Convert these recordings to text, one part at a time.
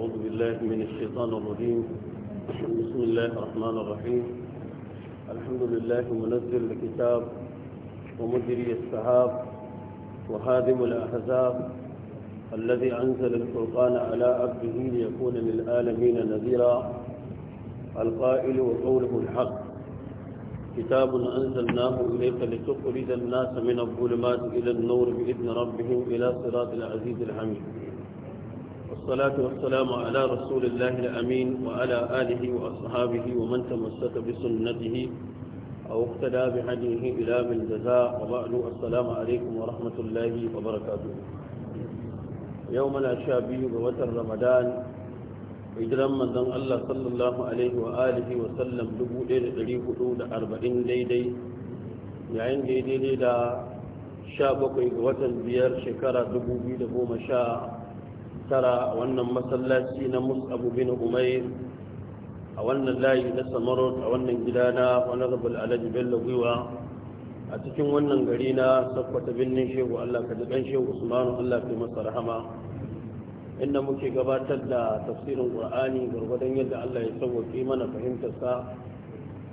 أعوذ بالله من الشيطان الرجيم بسم الله الرحمن الرحيم الحمد لله منزل الكتاب ومدري السحاب وهادم الأحزاب الذي أنزل الفرقان على عبده ليكون للعالمين نذيرا القائل وقوله الحق كتاب أنزلناه إليك لتخرج الناس من الظلمات إلى النور بإذن ربهم إلى صراط العزيز الحميد والصلاة والسلام على رسول الله الأمين وعلى آله وأصحابه ومن تمسك بسنته أو اقتدى بهديه إلى من جزاء وبعد السلام عليكم ورحمة الله وبركاته يوم الأشابي بوتر رمضان hijiran manzon Allah sallallahu alaihi wa alihi wa sallam 1440 daidai yayin da daidai da 17 ga watan biyar shekara 2017 tara a wannan masallaci na musabu bin umair a wannan layi na samarot a wannan gida na wani rabul alaji bello gwiwa a cikin wannan gari na sakwata birnin shehu allah ka jikan shehu usmanu allah fi masa rahama inda muke gabatar da tafsirin qur'ani gwargwadon yadda allah ya sauwaƙe mana fahimtarsa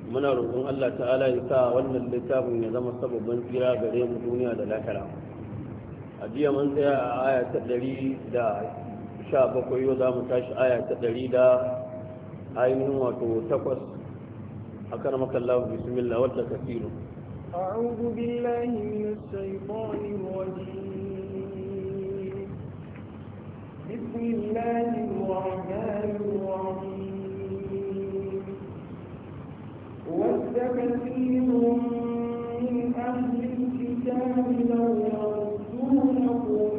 muna roƙon Allah ta'ala ya sa wannan littafin ya zama sababbin tsira gare mu duniya da lahira a jiya mun tsaya a aya ta ɗari da sha yau za mu tashi aya ta ɗari da ainihin wato takwas a kan makallahu bismillah wadda kasiru أعوذ بالله من أهل الكتاب لو يردونكم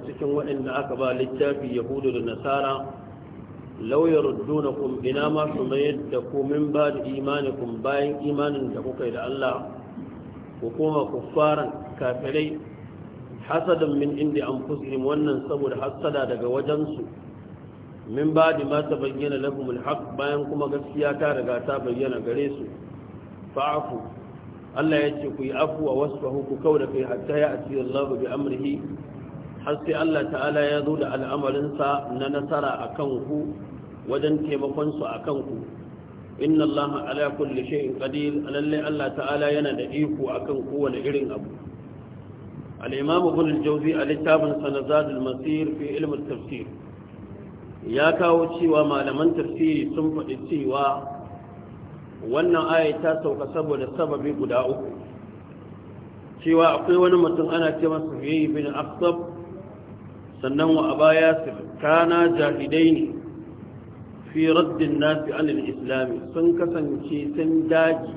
daga cikin waɗanda aka ba littafi yahudu da nasara lauyar kun ina ma su mayar da komin ba da kun bayan imanin da kuka yi da Allah ku koma ku fara kafirai Hasadin min inda an wannan saboda hasada daga wajensu min ba da mata bayyana lahumul haq bayan kuma gaskiya ta daga ta bayyana gare su fa'afu Allah ya ce ku yi afuwa wasu ku kau da kai hatta ya asiri Allah bi amurhi har sai Allah ta'ala ya zo da al'amarinsa na nasara a kanku wajen taimakonsu a kanku inna Allah ala kulli shay'in a lallai Allah ta'ala yana da iko akan kowane irin abu al-imam ibn a littafin sanazad al-masir fi ilm tafsir ya kawo cewa malaman tafsiri sun faɗi cewa wannan aya ta sauka saboda sababi guda uku cewa akwai wani mutum ana ce masa yayi bin aqsab sannan wa baya yasir kana ne fi raddin nasi anil islami sun kasance sun daji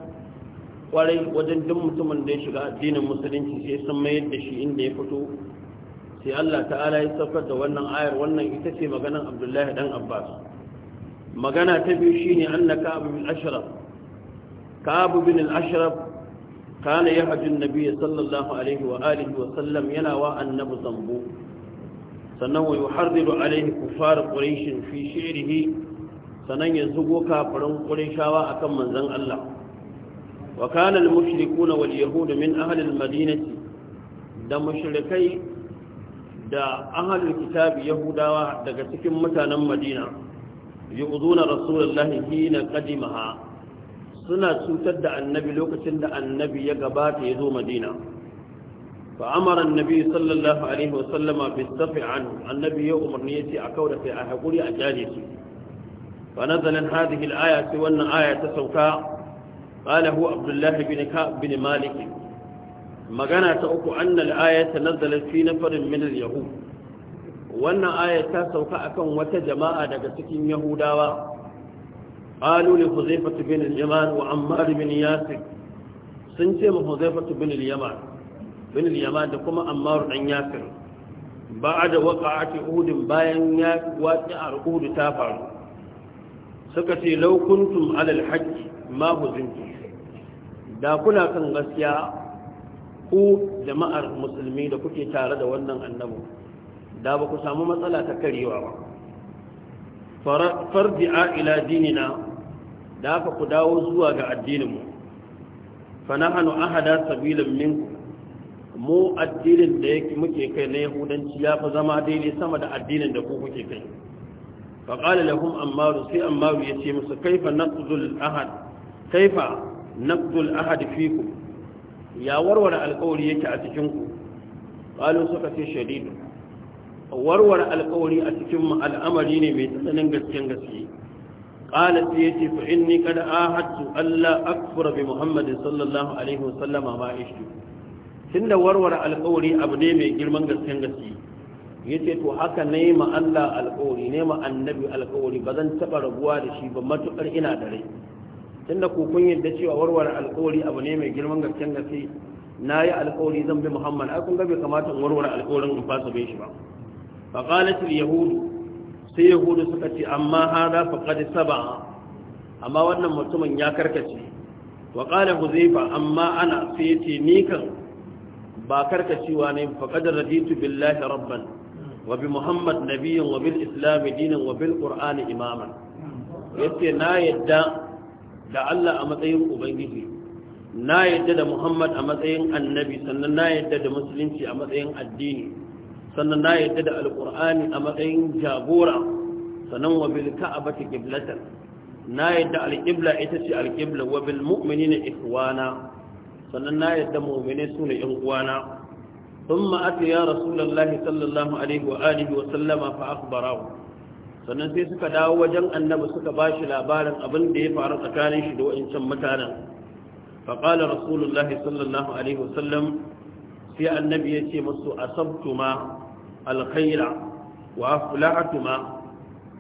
kwarai wajen duk mutumin da ya shiga addinin musulunci sai sun mayar da shi inda ya fito sai Allah ta'ala ya saukar da wannan ayar wannan ita ce maganan Abdullahi dan Abbas magana ta biyu shine annaka abu bin ashraf ka'ab bin ashraf kana yahju sallallahu alaihi wa alihi wa sallam yana wa annabi zambu sannan wa yuharridu alaihi kufar quraish fi shi'rihi sannan ya zugo kafirin qurayshawa akan manzon Allah wa kana al-mushrikuuna wal yahud min ahli al-madinati da mushrikai da ahlul kitabi yahudawa daga cikin mutanen madina yu'zuna rasulullahi hina qadimaha suna cutar da annabi lokacin da annabi ya gabata ya zo madina فأمر النبي صلى الله عليه وسلم بالدفع عنه النبي يوم نيتي أكورة في أهقولي أجاليس فنزل هذه الآية وأن آية سوكا قال هو عبد الله بن كعب بن مالك مغانا تأكو أن الآية نزلت في نفر من اليهود وأن آية سوكا أكون وتجماعة دقسكين يهوداوا قالوا لحذيفة بن اليمان وعمار بن ياسر سنتم حذيفة بن اليمان bin al da kuma ammar dan yasir ba'da waqa'ati uhud bayan ya waqi'ar uhud ta faru suka ce law kuntum ala al-hajj ma huzintum da kuna kan gaskiya ku jama'ar musulmi da kuke tare da wannan annabi da ba ku samu matsala ta karewa ba farji'a ila dinina da aka ku dawo zuwa ga addininmu fa nahnu ahada sabilan minku mu addinin da muke kai na yahudanci ya fi zama daidai sama da addinin da ku kuke kai fa qala lahum ammaru sai ammaru yace musu kaifa naqdul ahad kaifa naqdul ahad fikum ya warware alƙawari yake a cikin ku qalu suka ce shadid warware alƙawari a cikin mu al'amari ne mai tsananin gaskiyan gaske qala sai yace fa inni kad ahadtu alla akfura bi muhammadin sallallahu alaihi wasallama ma ishtu Tun da warware alƙawari abu ne mai girman gaskiyar gaske ce to haka ne ma Allah alƙawari ne ma annabi alƙawari ba zan taɓa rabuwa da shi ba matuƙar ina da rai tunda ku kun yadda cewa warware alƙawari abu ne mai girman gaskiyar gaske na yi alƙawari zan bi Muhammad ai kun ga kamata in warware alƙawarin in fasa bai shi ba fa qalat yahud sai yahudu suka ce amma hada faqad saba amma wannan mutumin ya karkace wa qala huzaifa amma ana sai yace ni kan ba karkacewa ne fa qad raditu billahi rabban wa bi muhammad nabiyyan wa bil islam dinan wa bil qur'ani imaman yace na yadda da Allah a matsayin ubangiji na yadda da muhammad a matsayin annabi sannan na yadda da musulunci a matsayin addini sannan na yadda da alkur'ani a matsayin jagora sannan wa bil ka'abati qiblatan na yadda alqibla ita ce alqibla wa bil mu'minina ikhwana sannan na yadda mu'mine su ne yan uwana thumma atiya rasulullahi sallallahu alaihi wa alihi wa sallama fa akhbarahu sannan sai suka dawo wajen annabi suka ba shi labarin abin da ya faru tsakanin shi da wa'incan mutanen faƙalar rasulullah sallallahu alaihi sallam sai annabi ya ce masu asabtuma alkhaira wa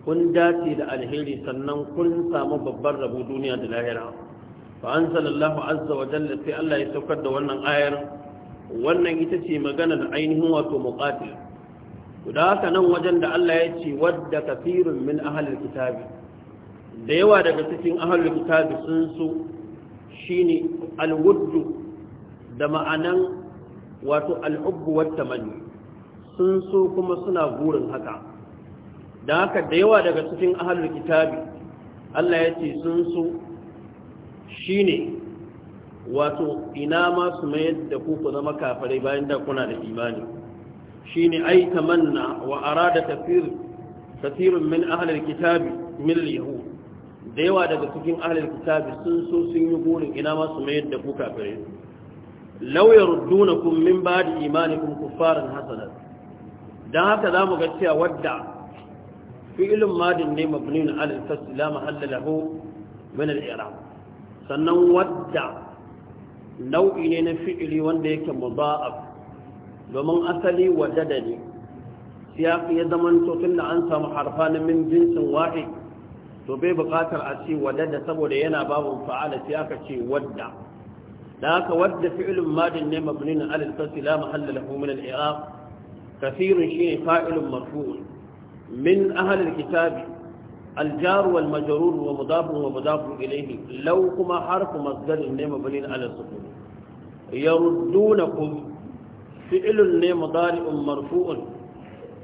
kun dace da alheri sannan kun samu babbar rabo duniya da lahira فأنزل الله عز وجل في الله ya وانا آير وانا ayar. مغانا عينه ce magana da نوجن دا الله يتسي ود كثير من أهل الكتاب ديوا دا كتسين أهل الكتاب سنسو شيني الود da ma'anan wato al'ubbu wata mani sun so kuma suna burin haka da haka da yawa daga cikin ahalar kitabi Allah ya ce sun so Shi ne, wato ina ma su mayar da ku ku zama kafare bayan da kuna da imani Shi ne, ai tamanna wa arada da min ahalar kitabi min lihu. da yawa daga cikin ahalar kitabi sun so sun yi gurin ina ma su mayar da ku kafirai law kun min ba'di imanikum kuffaran hasanar Don haka zamu ga cewa wadda ilin madin ne mabniun ala al-fasl la lahu min al'iram sannan wadda nau'i ne na fi'ili wanda yake mudha'af domin asali wadada ne siyaqi ya zaman to da an samu harfa na min jinsin wai to bai buƙatar a ce wadada saboda yana babu fa'ala sai aka ce wadda da aka wadda fi'ilun madin ne mabnin alal fasl la mahalla lahu min al-i'rab kathirun min ahli kitabi الجار والمجرور ومضاف ومضاف إليه لو كما حرف مصدر النيم مبني على السكون يردونكم فعل النيم مضارع مرفوع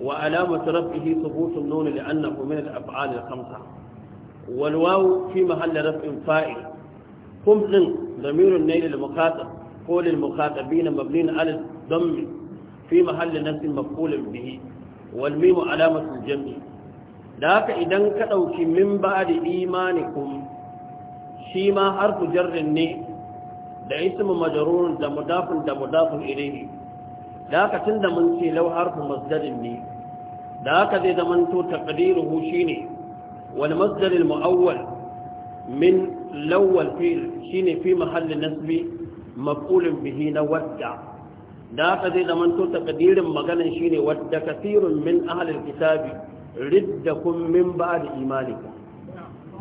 وعلامة رفعه ثبوت النون لأنه من الأفعال الخمسة والواو في محل رفع فاعل قم ضمير النيل المخاطب قول المخاطبين مبني على الضم في محل نفس مفعول به والميم علامة الجمع da haka idan ka ɗauki min ba da imanikun shi ma har ku jarrin ne da ismu majarurun da mudafin da mudafin ilaihi da haka tun da mun ce lau harfu masdarin ne da haka zai zamanto taqdiruhu shine wal masdar al muawwal min lawal fi'l ne fi mahalli nasbi maf'ulun bihi na wadda da haka zai zamanto taqdirin maganan shine wadda kathirun min ahalin kitabi riddakum min ba'di imanikum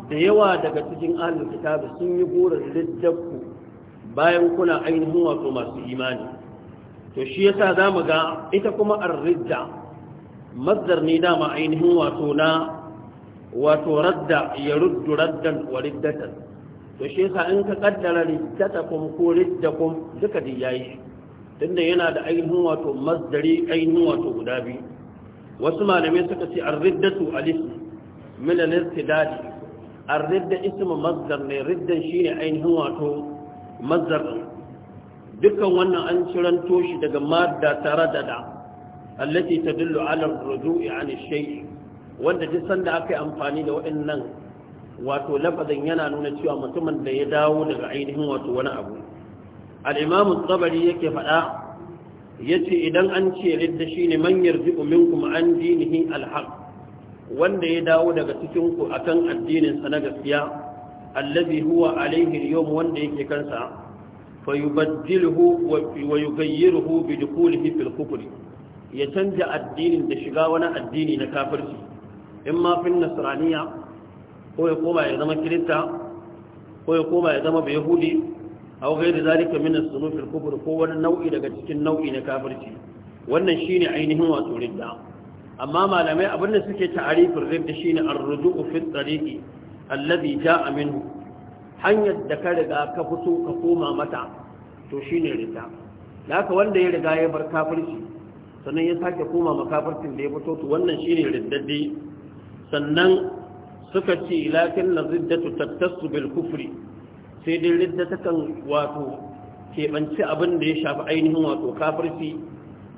da yawa daga cikin ahlul kitabi sun yi burin riddakku bayan kuna ainihin wato masu imani to shi yasa mu ga ita kuma ar-ridda mazdar ne dama ainihin wato na wato radda ya ruddu raddan wa riddatan to shi yasa in ka kaddara riddatakum ko riddakum duka dai yayi tunda yana da ainihin wato masdari ainihin wato guda biyu wasu malamai suka ce an riddatu al-ism min al-irtidad ridda ismu ne riddan shine ainihin wato masdar dukkan wannan an ciranto shi daga madda da allati tadullu ala ar-ruju'i an shay wanda duk sanda aka yi amfani da waɗannan wato lafazin yana nuna cewa mutumin da ya dawo daga ainihin wato wani abu al-imam tabari yake faɗa yace idan an ce ridda shine man yarji'u minkum an dinihi alhaq wanda ya dawo daga cikin ku akan addinin sa na gaskiya allazi huwa alaihi al wanda yake kansa fayubaddiluhu wa yughayyiruhu bi dukhulihi fil kufr ya canja addinin da shiga wani addini na kafirci in ma fin nasraniya ko ya koma ya zama kirista ko ya koma ya zama aw ghayr zalika min as-sunuf al-kufr ko wani nau'i daga cikin nau'i na kafirci wannan shine ainihin wato ridda amma malamai abin da suke ta'arifin ridda shine ar-ruju'u fi tariqi alladhi ja'a minhu hanyar da ka riga ka fito ka koma mata to shine ridda haka wanda ya riga ya bar kafirci sannan ya sake koma makafircin da ya fito to wannan shine riddaddi sannan suka ce lakin na ziddatu tattasu bil kufri sai dai ridda takan wato keɓanci abin da ya shafi ainihin wato kafirci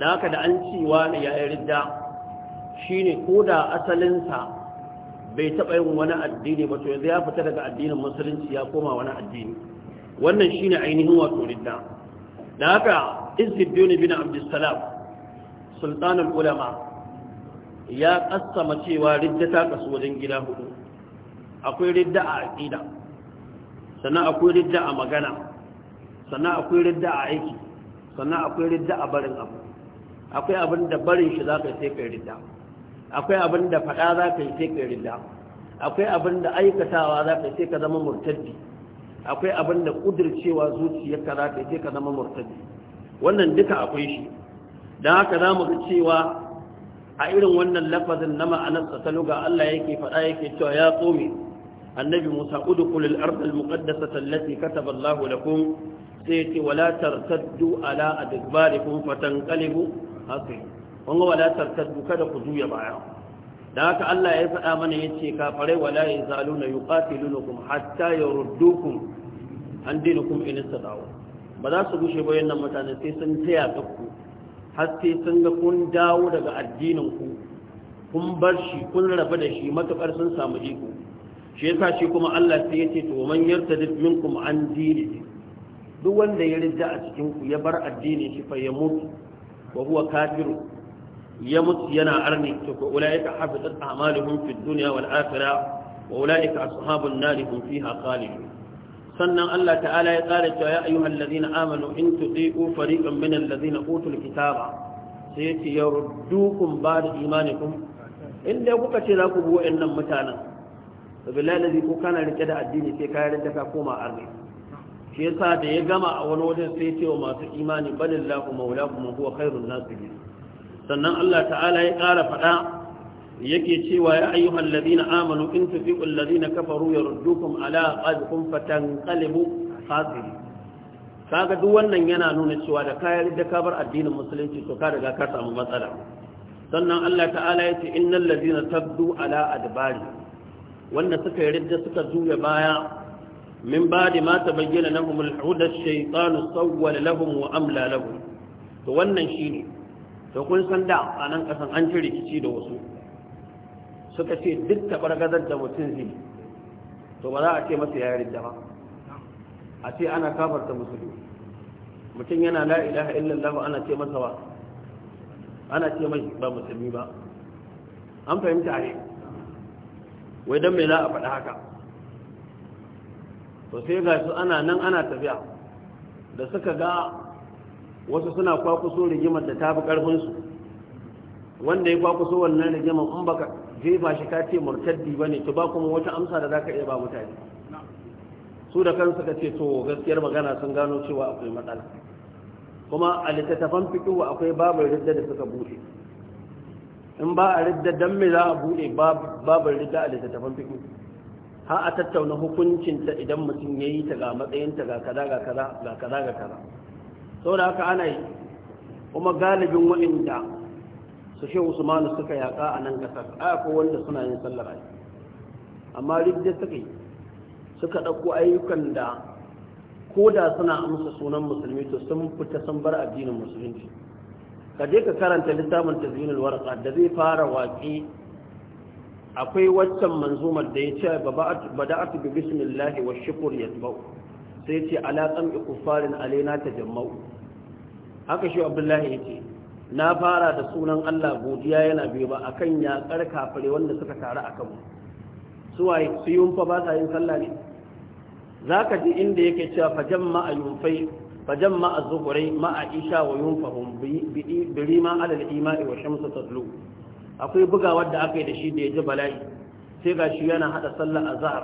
da haka da an cewa ya yi ridda shine ko da asalinsa bai taɓa yin wani addini ba to yanzu ya fita daga addinin musulunci ya koma wani addini wannan shine ainihin wato ridda da haka izzuddin bin abdussalam sultanul ulama ya kassama cewa ridda ta kasu wajen gida hudu akwai ridda a aƙida. sannan akwai ridda a magana sannan akwai ridda a aiki sannan akwai ridda a barin abu akwai abin da barin shi za ka sai kai ridda akwai abin da faɗa za ka yi sai kai ridda akwai abin da aikatawa za ka sai ka zama murtaddi akwai abin da kudircewa zuciyarka za ka sai ka zama murtaddi wannan duka akwai shi don haka za mu ga cewa a irin wannan lafazin na ma'anar ta Allah yake faɗa yake cewa ya tsome annabi Musa udu ardh al-muqaddasata allati kataba Allahu lakum sai wala tartaddu ala adbarikum fatanqalibu hasib kun wala tartaddu kada ku juya baya da haka Allah ya faɗa mana yace kafarai wala yazaluna yuqatilunukum hatta yurdukum an dinukum in istadaw ba za su gushe ba yannan mutane sai sun tsaya ku har sai sun ga kun dawo daga addinin ku kun bar shi kun rabu da shi matukar sun samu iko shi yasa shi kuma Allah sai ya ce to man yartadid minkum an dini duk wanda ya rida a cikin ku ya bar addini shi fa ya mutu wa huwa kafiru ya mutu yana arni to ko ulaika hafidat a'maluhum fid dunya wal akhirah wa ulaika ashabun nar hum fiha khalidun sannan Allah ta'ala ya tsara cewa ya ayyuhal ladina amanu in tuti'u fariqan min alladhina utul kitaba sai yace yaruddukum ba'da imanikum inda kuka ce za ku bi wa'annan mutanen da billahi ko kana rike da addini sai ka yarda ka koma arni shi yasa da ya gama a wani wajen sai cewa masu imani balillahu maulakum huwa khairun nasirin sannan Allah ta'ala ya ƙara faɗa yake cewa ya ayyuhal ladina amanu in tufiqu alladhina kafaru yaruddukum ala aqabikum fatanqalibu khasirin kaga duk wannan yana nuna cewa da kayar da kabar addinin musulunci to ka riga ka samu matsala sannan Allah ta'ala ya ce innal ladina tabdu ala adbari wanda suka yi ridda suka juya baya min ba'di ma tabayyana lahum al-huda ash-shaytanu sawwala lahum wa amla lahum to wannan shi ne, to kun san da a nan kasan an ci rikici da wasu suka ce duk ta tabargazar da mutum zai to ba za a ce masa ya ridda ba a ce ana kafarta musulmi mutum yana la ilaha illallah ana ce masa ba ana ce mai ba musulmi ba an fahimta ne wai don mai za a faɗi haka to sai ga su ana nan ana tafiya da suka ga wasu suna kwakuso rigimar da ta fi ƙarfinsu wanda ya kwakuso wannan rigimar in baka jefa shi ka ce murtaddi ba ne to ba kuma wata amsa da za ka iya ba mutane su da kansu ka ce to gaskiyar magana sun gano cewa akwai matsala kuma a littattafan fikihu akwai babu ridda da suka buɗe in ba a ridda dan me za a buɗe babar ridda a littattafan fiƙi ha a tattauna hukuncinta idan mutum ya yi ta ga matsayinta ga kaza ga kaza ga kaza ga kaza da haka ana yi kuma galibin waɗanda su shi usmanu suka yaƙa a nan ƙasar aya ko wanda suna yin sallar ayi amma ridda suka yi suka ɗauko ayyukan da ko da suna amsa sunan musulmi to sun fita sun bar addinin musulunci ka je ka karanta littafin tazminul warqa da zai fara waƙe. akwai waccan manzumar da ya ce bada'atu bi bismillahi wa shukr yatbau sai ce ala qam'i kufarin alaina tajammau haka shi abdullahi yace na fara da sunan Allah godiya yana biyo ba akan ya fare wanda suka taru akan mu waye su yunfa ba sa yin sallah ne zaka ji inda yake cewa fajamma ayunfai فجمع الزهري مع عائشة وينفهم بريما على الإيماء والشمس تطلو أقول بقى ودى أقيد شيد يجب لي سيغا شيانا حتى صلى أزهر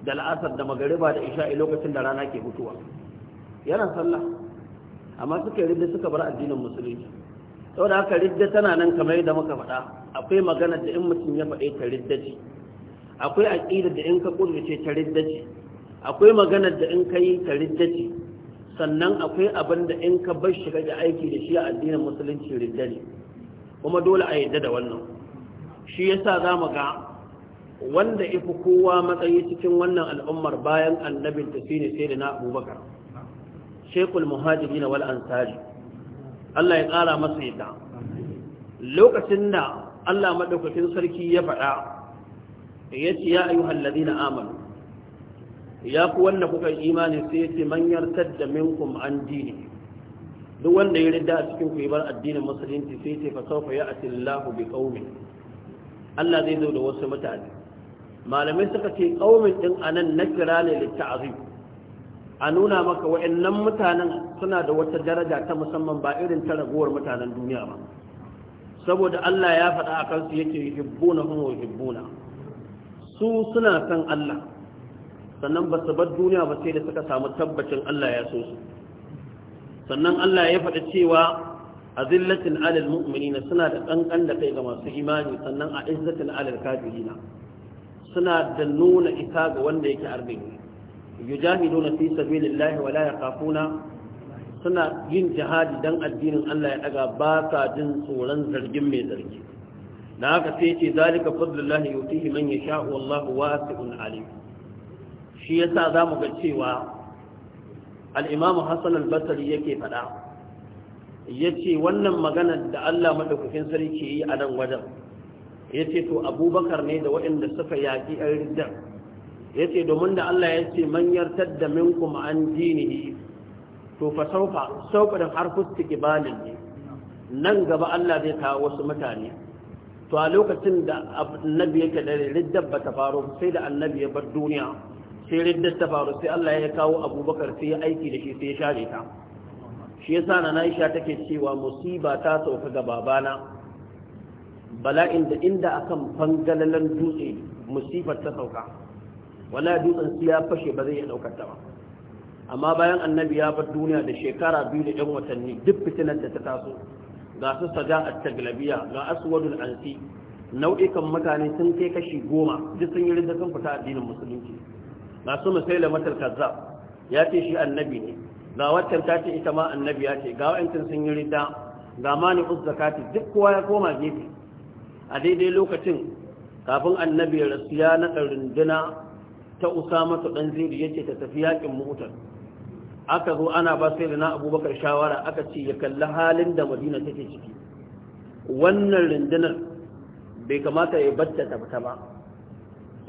da la'asar da magariba da isha'i lokacin da rana ke mutuwa yana sallah amma suka ridda suka bar addinin musulunci saboda haka ridda tana nan kamar yadda muka faɗa akwai magana da in mutum ya faɗe ta ridda ce akwai aqida da in ka kudurce ta ridda ce akwai magana da in ka yi ta ridda ce sannan akwai abin da in ka bar shi kake aiki da shi a addinin musulunci ridda ne kuma dole a yadda da wannan shi yasa za mu ga wanda ifi kowa matsayi cikin wannan al'ummar bayan annabin ta shine sai da na abubakar shekul muhajiri na wal ansari Allah ya tsara masa yadda lokacin da Allah maɗaukakin sarki ya faɗa ya ce ya ayyuhan ladina amanu ya ku wanda kuka yi imani sai ce man yartadda minkum an dini duk wanda ya ridda a cikin ku bar addinin musulunci sai ce fa sawfa ya'ti lahu bi qaumin Allah zai zo da wasu mutane malamai suka ce qaumin din anan kira ne litta'zim a nuna maka wa'annan mutanen suna da wata daraja ta musamman ba irin ta raguwar mutanen duniya ba saboda Allah ya faɗa a kansu yake yuhibbunahum wa yuhibbuna su suna san Allah sannan ba su bar duniya ba sai da suka samu tabbacin Allah ya so su sannan Allah ya faɗi cewa azillatin alal mu'minina suna da kankan da kai ga masu imani sannan a izzatin alal kafirina suna da nuna isa ga wanda yake arziki yujahiduna fi sabilillahi wa la suna yin jihadi dan addinin Allah ya daga ba sa jin tsoron zargin mai zargi da haka sai ce zalika fadlullahi yutihi man yasha wallahu wasi'un alim shi yasa za mu ga cewa al'imamu hassan albasari yake faɗa ya ce wannan maganar da allah maɗaukakin sarki yi a nan wajen ya ce to abubakar ne da waɗanda suka yaƙi ‘yan riddar ya ce domin da allah ya ce manyar tadda minkum an jini to fa saufa sauƙarin harfusta ƙibalin ne nan gaba allah zai kawo wasu mutane to a lokacin da annabi yake da riddar ba ta faru sai da annabi ya bar duniya sai riddar ta faru sai Allah ya kawo abubakar sai ya aiki da shi sai ya share ta shi yasa na Aisha take cewa musiba ta sauka ga babana bala'in da inda akan fangalalan dutse musibar ta sauka wala dutsen su ya fashe ba zai iya daukar ta ba amma bayan annabi ya bar duniya da shekara biyu da yan watanni duk fitinar da ta taso ga su saja a taglabiya ga aswadul ansi nau'ikan mutane sun kai kashi goma duk sun yi rinda sun fita addinin musulunci masu su musaila matar kaza. ya ce shi annabi ne ga waccan ta ce ita ma annabi ya ce ga wa'ancan sun yi rida ga mani zakati duk kowa ya koma gefe a daidai lokacin kafin annabi ya rasu ya naɗa runduna ta usama ta ɗan ziri ya ce ta tafi yakin mutar aka zo ana ba sai na abubakar shawara aka ce ya kalli halin da madina take ciki wannan rundunar bai kamata ya batta ta ba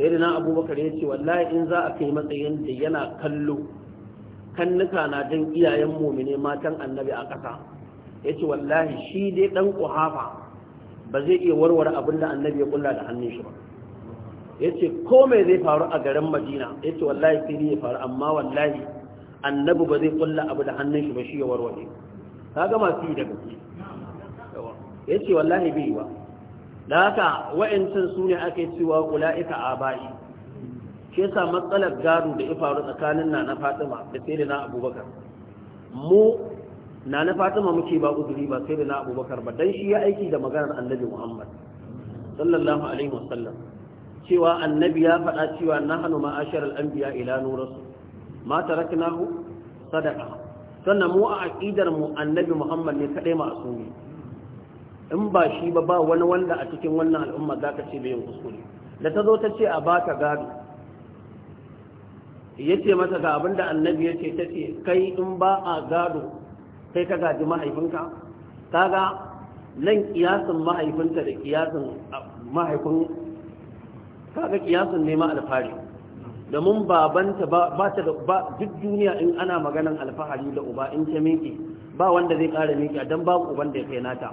na abubakar ya ce wallahi in za a kai matsayin da yana kallo kannuka na jin iyayen mumine matan annabi a ƙasa ya ce wallahi shi dai ɗan ƙuhafa ba zai iya warware abin da annabi ya ƙulla da hannun shi ba ya ce ko mai zai faru a garin madina ya ce wallahi sai ya faru amma wallahi annabi ba zai ƙulla abu da hannun shi ba shi ya warware ka ga masu yi da gaske ya ce wallahi bai yi ba da haka wa'ancan su ne ake cewa a aba'i Ke sa matsalar gado da ya faru tsakanin na na fatima da sai da na abubakar mu na na fatima muke ba uzuri ba sai da na abubakar ba dan shi ya aiki da maganar annabi muhammad sallallahu alaihi wasallam cewa annabi ya faɗa cewa na hannu ma'ashar al-anbiya ila nurasu ma taraknahu sadaqa sannan mu a aqidar mu annabi muhammad ne kadai ma'asumi in ba shi ba ba wani wanda a cikin wannan al'umma za ka ce bai yin kuskure da ta zo ta ce a ba ka gado ya ce mata ga abin da annabi ya ce ta ce kai in ba a gado kai ka gaji mahaifinka ga nan kiyasin mahaifinta da kiyasin mahaifin ga kiyasin nema alfahari domin babanta ba ta da ba duk duniya in ana maganan alfahari da uba in ta miki ba wanda zai ƙara miki dan babu uban da ya kai nata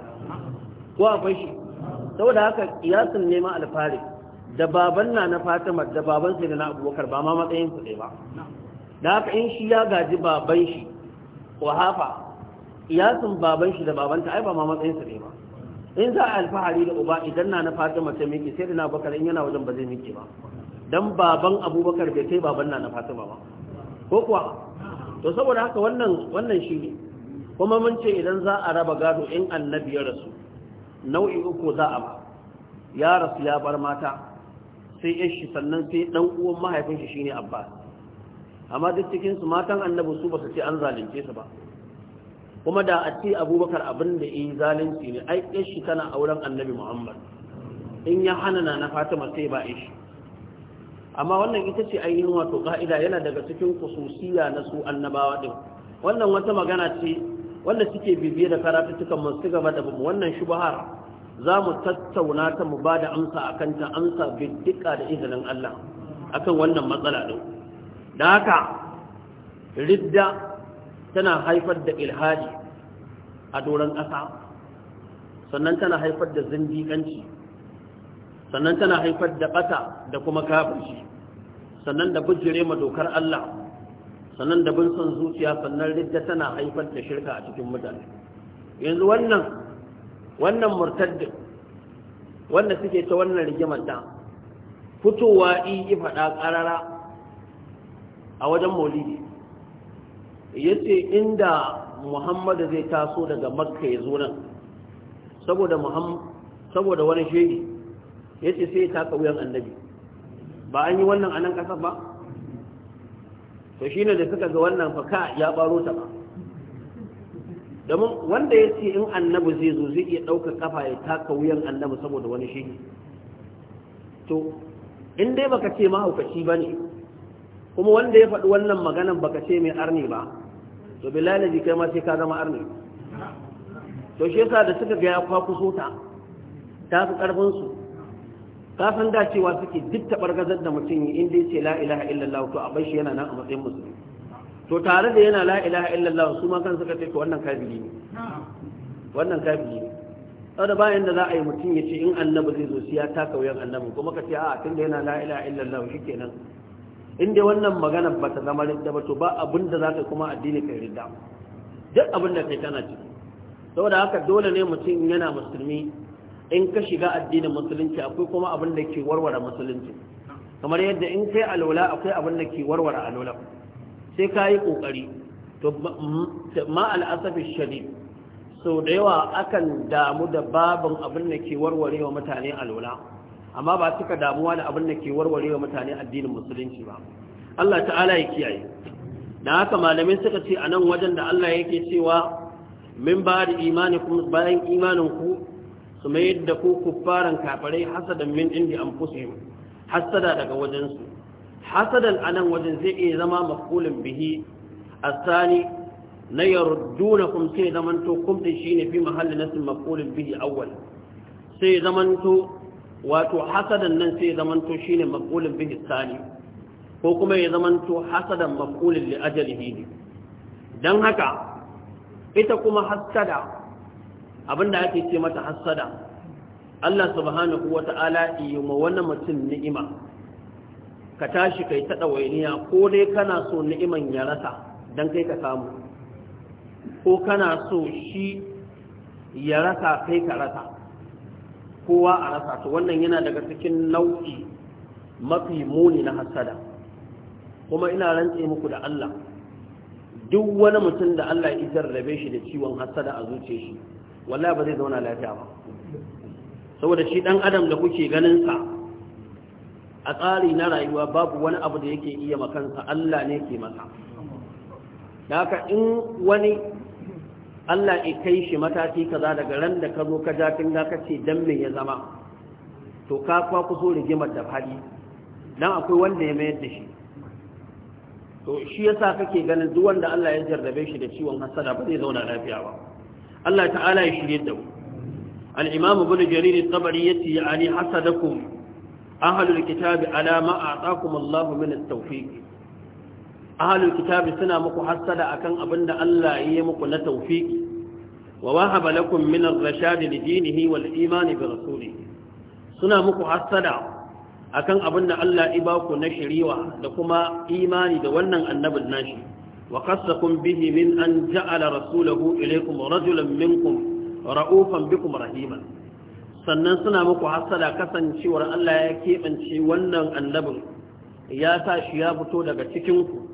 ko akwai shi saboda haka kiyasin nema alfari da baban na na fatima da baban sai da na abubakar ba ma matsayin su ba da haka in shi ya gaji baban shi hafa kiyasin baban shi da babanta ai ba ma matsayin su ba in za a alfahari da uba idan na na fatima ta miki sai da na abubakar in yana wajen ba zai miki ba dan baban abubakar bai kai baban na na fatima ba ko kuwa to saboda haka wannan wannan shi ne kuma mun ce idan za a raba gado in annabi ya rasu nau'i uku za a ba ya rasu ya bar mata sai ya shi sannan sai dan uwan mahaifin shi shine Abba. amma duk cikin su matan annabi su ba su ce an zalunce su ba kuma da a ce abubakar abin da yi zalunci ne ai ya shi tana auren annabi muhammad in ya hana na fatima sai ba ishi amma wannan ita ce ainihin wato ka'ida yana daga cikin kususiya na su annabawa din wannan wata magana ce wanda suke bibiye da karatuttukan masu gaba da bamu wannan shubahar za mu tattauna ta mu ba da amsa a kanta amsa biddika da izinin Allah akan wannan matsala ɗin da haka ridda tana haifar da ilhadi a doron ƙasa sannan tana haifar da zindiƙanci sannan tana haifar da ɓata da kuma kafirci sannan da bujire ma dokar Allah sannan da bin son zuciya sannan ridda tana haifar da shirka a cikin mutane yanzu wannan wannan murtaddin wanda suke ta wannan rigimar da fitowa yi faɗa ƙarara a wajen maulidi ya ce inda muhammadu zai taso daga makka ya zo nan saboda wani shege ya ce sai ta taka wuyan annabi ba an yi wannan a nan ƙasa ba to shi ne da suka ga wannan faka ya baro ta ba domin wanda ya ce in annabi zai zo zai iya ɗaukar kafa ya taka wuyan annabi saboda wani shi to in dai baka ce mahaukaci ba ne kuma wanda ya faɗi wannan maganan baka ce mai arni ba to bilalaji kai ma sai ka zama arni to shi yasa da suka ga ya kwakuso ta ta fi ƙarfinsu ka san da cewa suke duk taɓar-gazar da mutum yi inda yace la ilaha illallah to a shi yana nan a matsayin musulmi to tare da yana la ilaha illallah su ma kan suka ce to wannan kafiri ne wannan kafiri ne saboda bayan da za a yi mutum ya ce in annabi zai zo ya taka wayan annabi kuma ka ce a tun da yana la ilaha illallah shikenan in Inda wannan magana ba ta zama ridda ba to ba abin da za ka kuma addini kai ridda duk abin da kai tana ciki saboda haka dole ne mutum yana musulmi in ka shiga addinin musulunci akwai kuma abin da ke warware musulunci kamar yadda in kai alola akwai abin da ke warware alola sai ka yi ƙoƙari to ma al'asafi shari sau da yawa akan damu da babin abin da ke warware wa mutane alola amma ba suka damuwa da abin da ke warware wa mutane addinin musulunci ba Allah ta'ala ya kiyaye da haka malamin suka ce a nan wajen da Allah yake cewa min ba da imanin bayan imanin ku su mai da ku kuffaran kafirai hasadan min indi anfusihim hasada daga wajensu hasadan anan wajen zai iya zama maf'ulun bihi asani na yardunakum sai zamanto kum din shine fi mahalli nasin maf'ulun bihi awwal sai zamanto wato hasadan nan sai zamanto shine maf'ulun bihi sani ko kuma ya zamanto hasadan maf'ulun li ajalihi dan haka ita kuma hasada Abin da ake ce mata hassada Allah subhanahu wa ta'ala yi ma wani mutum ni'ima ka tashi kai ta ɗawainiya ko dai kana so ni'iman ya rasa don kai ka samu ko kana so shi ya rasa kai ka rasa kowa a rasa to wannan yana daga cikin nau'i mafi muni na hassada kuma ina rantse muku da Allah duk wani mutum da Allah ya jarrabe shi da ciwon hassada a zuce shi wallahi ba zai zauna lafiya ba saboda shi dan adam da kuke ganin sa a tsari na rayuwa babu wani abu da yake iya makansa Allah ne ke masa haka in wani Allah ya kai shi mataki kaza daga ran da ka zo ka ja kin da kace dan me ya zama to ka kwa kuso rigimar da fadi dan akwai wanda ya mayar da shi to shi yasa kake ganin duk wanda Allah ya jarrabe shi da ciwon hasada ba zai zauna lafiya ba Allah ta'ala ya shirye da mu al-imamu ibn jarir at-tabari yace yani hasadakum ahlul kitabi ala ma ataakum Allah min at-tawfiq ahlul kitabi suna muku hasada akan abinda Allah ya yi muku na tawfiqi wa wahaba lakum min ar-rashad li dinihi wal iman bi rasulihi suna muku hasada akan abinda Allah ya ba ku na shiriwa da kuma imani da wannan annabin nashi وقصكم به من أن جعل رسوله إليكم رجلا منكم رؤوفا بكم رحيما sannan suna muku hasala kasancewar Allah ya keɓance wannan annabin ya sa shi ya fito daga cikinku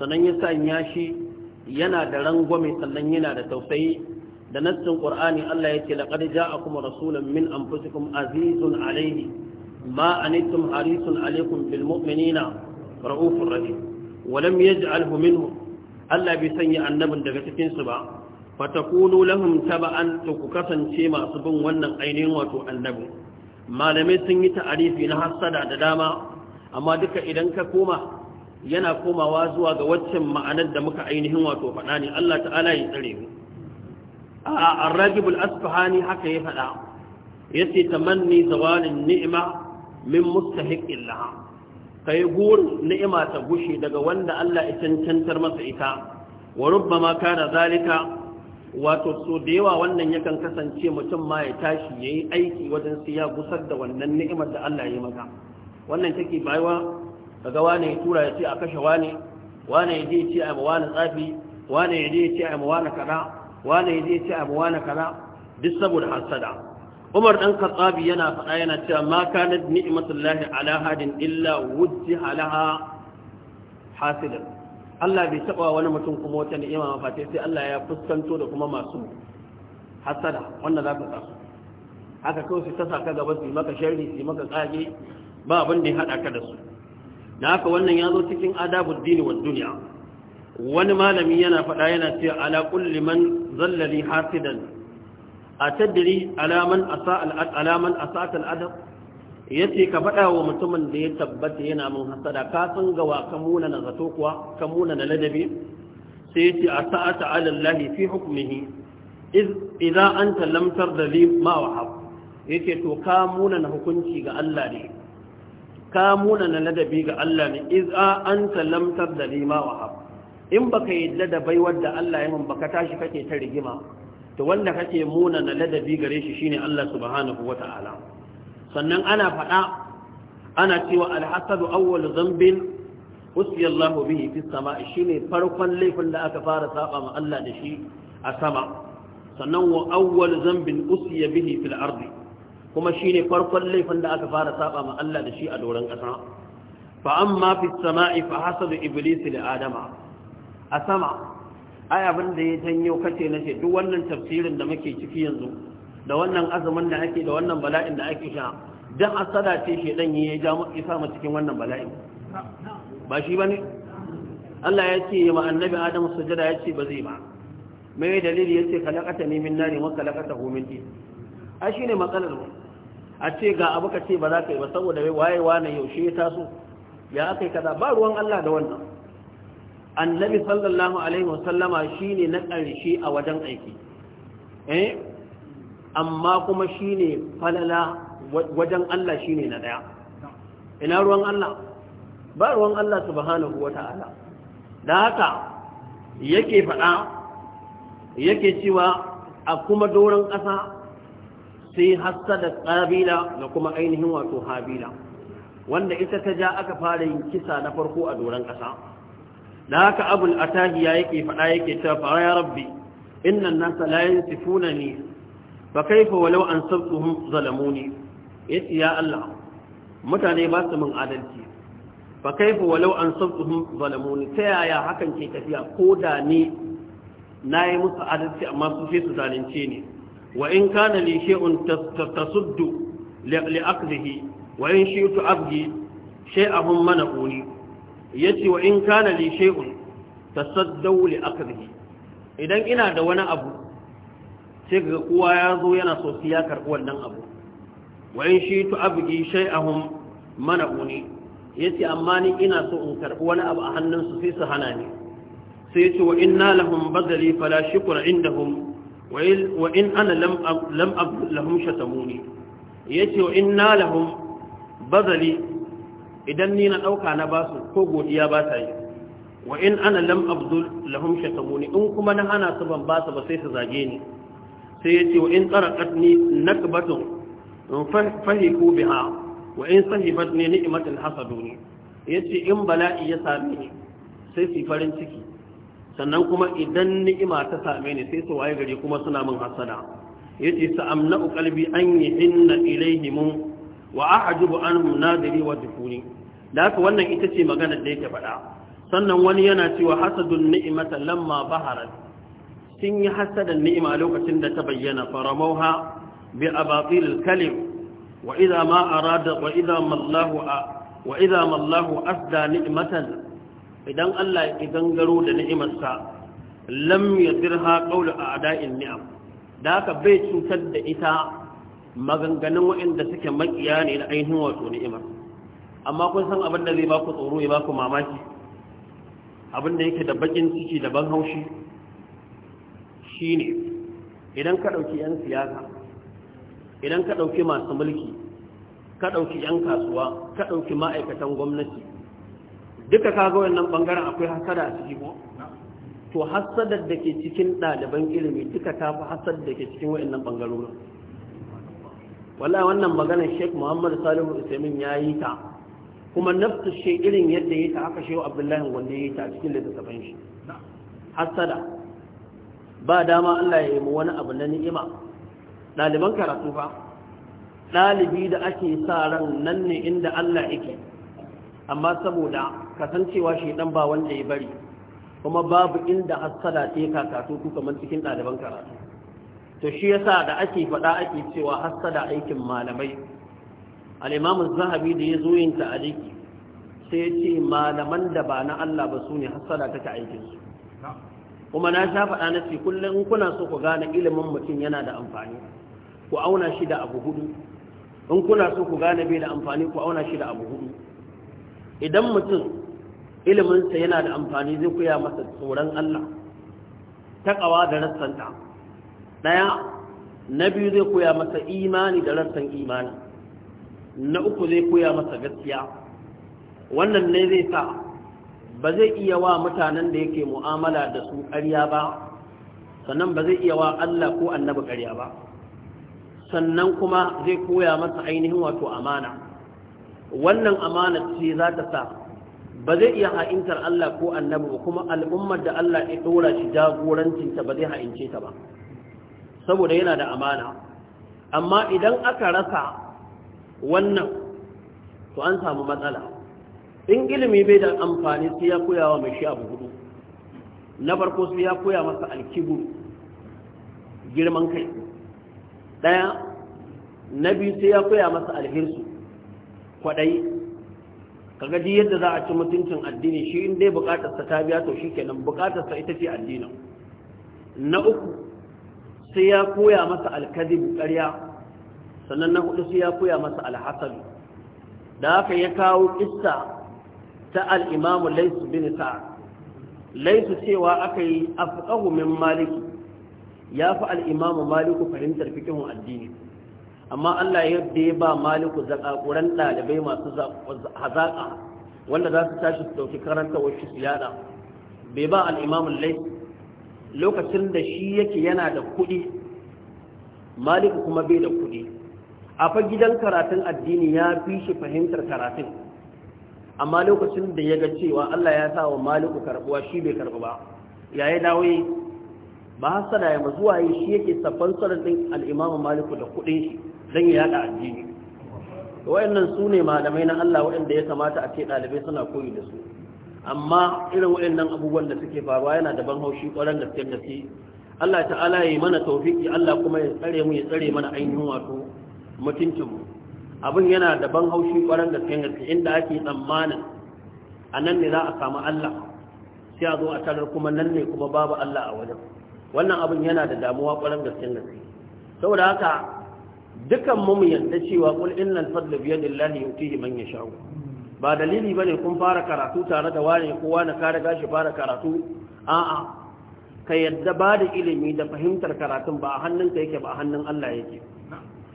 sannan ya ya shi yana da rangwame sannan yana da tausayi da nassin ƙur'ani Allah ya ce laqad kuma rasulun min anfusikum azizun alaihi. ma anittum harisun alaykum bil mu'minina ra'ufin rahim wa yaj'alhu minhum Allah bai sanya annabin daga cikinsu ba fatakunu lahum taba'an to ku kasance masu bin wannan ainihin wato annabi malamai sun yi ta'arifi na hassada da dama amma duka idan ka koma yana komawa zuwa ga waccan ma'anar da muka ainihin wato faɗa ne Allah ta'ala ya tsare mu a arragibul asfahani haka ya faɗa yace manni zawalin ni'ima min mustahik laha kai gurin ni'ima ta gushe daga wanda Allah ya cancantar masa ita wa rubbama kana zalika wato so da yawa wannan yakan kasance mutum ma ya tashi yayi aiki wajen sai ya gusar da wannan ni'imar da Allah ya maka wannan take baiwa daga wane ya tura ya ce a kashe wane wane ya je ya ce a ba wane tsafi wane ya je ya ce a ba wane kaza wane ya je ya ce a ba wane kaza duk saboda hasada Umar dan Khattabi yana faɗa yana cewa ma kanat ni'matullahi ala hadin illa wujjiha laha hasidan Allah bai taba wani mutum kuma wata ni'ima mafate sai Allah ya fuskanto da kuma masu hasada wanda za ka sa haka kawai su ta ka gaba su maka sharri su maka tsage ba abin da ya haɗa ka da su Na haka wannan ya zo cikin adabud dini wa duniya wani malami yana faɗa yana cewa ala kulli man zallali hasidan a tadiri alaman asa'at adam? ya ce ka faɗa wa mutumin da ya tabbata yana mun hasada ka san gawa ka muna na zato kuwa ka muna na ladabi sai ya ce a sa'ata alallahi fi hukumihi idan an talamtar da li ma wahab ya ce to ka muna na hukunci ga Allah ne ka muna na ladabi ga Allah ne idan an talamtar da li ma wahab in baka yi ladabai wadda Allah ya mun baka tashi kake ta rigima to wanda kake muna na ladabi gare shi shine Allah subhanahu Ta'ala. sannan ana faɗa ana cewa alhasadu Awwal Zambin usiya Allah bihi fi sama'i shine farkon laifin da aka fara saba ma Allah da shi a sama sannan wa awwal zambin usiya bihi fil ardi kuma shine farkon laifin da aka fara saba ma Allah da shi a doron ƙasa fa amma fi sama'i fa hasadu iblis li adama a sama ai abin da ya janyo kace na ce duk wannan tafsirin da muke ciki yanzu da wannan azumin da ake da wannan bala'in da ake sha dan asala ce yi ya ja mu isa mu cikin wannan bala'in ba shi bane Allah ya ce ya annabi Adam sujada ya ce ba zai ba mai dalili ya ce kalakata ne min nari wa kalakata hu min tin ai shine matsalar mu a ce ga abu ka ce ba za ka yi ba saboda wai waye wane yaushe ya taso ya aka yi kaza ba ruwan Allah da wannan annabi sallallahu alaihi wasallama shine na ƙarshe a wajen aiki eh amma kuma shine falala wajen Allah shine na daya ina ruwan Allah ba ruwan Allah subhanahu wata'ala da haka yake faɗa yake cewa a kuma doron ƙasa sai hassa da ƙabila da kuma ainihin wato habila wanda ita ta ja aka fara yin kisa na farko a doron ƙasa da haka abul atahiya yake faɗa yake cewa fa ya rabbi innan nasa la yansifuna ni fa kaifa walau an sabtuhum zalamuni yace ya Allah mutane ba su min adalci fa kaifa walau an sabtuhum zalamuni ta yaya hakan ke tafiya ko da ni nayi musu adalci amma su ce su zalunce ni wa in kana li shay'un tasuddu li aqdihi wa in shi'tu abdi shay'ahum manaquni yace wa in kana li shay'un tasaddaw li aqdihi idan ina da wani abu sai ga kowa ya yana so sai ya karbi wannan abu wa in shi tu abgi shay'ahum mana'uni yace amma ni ina so in karbi wani abu a hannun su sai su hana ni sai yace wa inna lahum badali fala shukra indahum wa in ana lam lam lahum shatamuni yace wa inna lahum badali idan ni na ɗauka na basu ko godiya ba ta yi wa in ana lam abdul lahum shatamuni in kuma na hana su ban basu ba sai su zage ni sai ya ce wa in tsarakat ni nakbatun in fahiku biha wa in sahibat ni ni'matul hasaduni yace in bala'i ya same ni sai su farin ciki sannan kuma idan ni'ima ta same ni sai su waye gare kuma suna min hasada yace sa amna qalbi an yihinna ilayhim wa ahajubu anhum nadiri wa dukuri da haka wannan ita ce maganar da yake faɗa sannan wani yana cewa hasadun ni'imata lamma baharat sun yi hasadan ni'ima lokacin da ta bayyana faramauha bi abatil kalim wa idza ma arada wa idza mallahu wa idza mallahu asda ni'matan idan Allah ya gangaro da ni'imarsa lam yadirha qawlu a'da'in ni'am da haka bai cutar da ita maganganun waɗanda suke makiya ne na ainihin wato ni'imar amma kun san abin da zai ba ku tsoro ya ba ku mamaki abin da yake da bakin ciki da ban haushi shine idan ka ɗauki 'yan siyasa idan ka ɗauki masu mulki ka ɗauki 'yan kasuwa ka ɗauki ma'aikatan gwamnati duka kaga wannan ɓangaren akwai hasada a ciki ko to hasadar da ke cikin ɗaliban ilimi duka ta fi hasadar da ke cikin waɗannan ɓangarorin wallahi wannan maganar Sheik Muhammad Salihu Usaimin ya yi ta kuma nafsu shi irin yadda ya ta haka shehu Abdullahi wanda ya yi ta cikin littattafan shi hasada ba dama Allah ya yi mu wani abu na ni'ima ɗaliban karatu fa ɗalibi da ake sa ran nan ne inda Allah yake amma saboda kasancewa shi dan ba wanda ya bari kuma babu inda hasada ta yi kakatu kamar cikin ɗaliban karatu to shi yasa da ake faɗa ake cewa hassada aikin malamai al'imamu zahabi da ya zo yin ta'aliki sai ya ce malaman da ba na Allah ba su ne hassada take aikinsu kuma na sha faɗa na ce kullum in kuna so ku gane ilimin mutum yana da amfani ku auna shi da abu hudu in kuna so ku gane bai da amfani ku auna shi da abu hudu idan mutum iliminsa yana da amfani zai koya masa tsoron Allah taƙawa da rassanta ɗaya na biyu zai koya masa imani da rassan imani na uku zai koya masa gaskiya wannan ne zai sa ba zai iya wa mutanen da yake mu'amala da su ƙarya ba sannan ba zai iya wa Allah ko annabi ƙarya ba sannan kuma zai koya masa ainihin wato amana wannan amana ce za ta sa ba zai iya ha'intar Allah ko annabi kuma al'ummar da Allah ya dora shi jagorancinta ba zai ha'ince ta ba saboda yana da amana amma idan aka rasa wannan to an samu matsala in ilimi bai da amfani sai ya koya wa mai shi abu hudu na farko sai ya koya masa alkibu girman kai ɗaya na biyu sai ya koya masa alhirsu kwaɗayi kaga ji yadda za a ci mutuncin addini shi inda ya bukatarsa ta biya to shi kenan bukatarsa ita ce addinin na uku sai ya koya masa alkadibu ƙarya sannan na hudu sai ya koya masa alhassan da haka ya kawo ƙista ta al'imamu laisu bin sa'ad laisu cewa aka yi afqahu min maliki ya fi al'imamu maliku fahimtar fikihun addini amma Allah yadda ya ba maliku zaƙaƙuran ɗalibai masu hazaƙa wanda za su tashi su ɗauki karanta wasu su yada bai ba al'imamun lai lokacin da shi yake yana da kuɗi maliku kuma bai da kuɗi a fa gidan karatun addini ya fi shi fahimtar karatun amma lokacin da ya ga cewa Allah ya sa wa maliku karbuwa shi bai karbu ba yayi dawo ba hasada ya mazuwa shi yake sabban sanadin al'imaman maliku da kuɗi dan don ya yada addini waɗannan sune malamai na Allah waɗanda ya kamata a ce ɗalibai suna koyi da su amma irin waɗannan abubuwan da suke faruwa yana da ban haushi ƙwarar da suke gaske Allah ta'ala ya yi mana tawfiki Allah kuma ya tsare mu ya tsare mana ainihin wato mutuncin abin yana da ban haushi ƙwarar da suke gaske inda ake tsammanin a nan ne za a samu Allah sai a zo a tarar kuma nan ne kuma babu Allah a wajen wannan abin yana da damuwa ƙwarar gaske gaske saboda haka dukan mu mu yarda cewa qul innal fadla bi yutihi man yasha'u ba dalili ba ne kun fara karatu tare da wani kowa na kare gashi fara karatu a'a ka yadda ba da ilimi da fahimtar karatun ba a hannunka yake ba a hannun Allah yake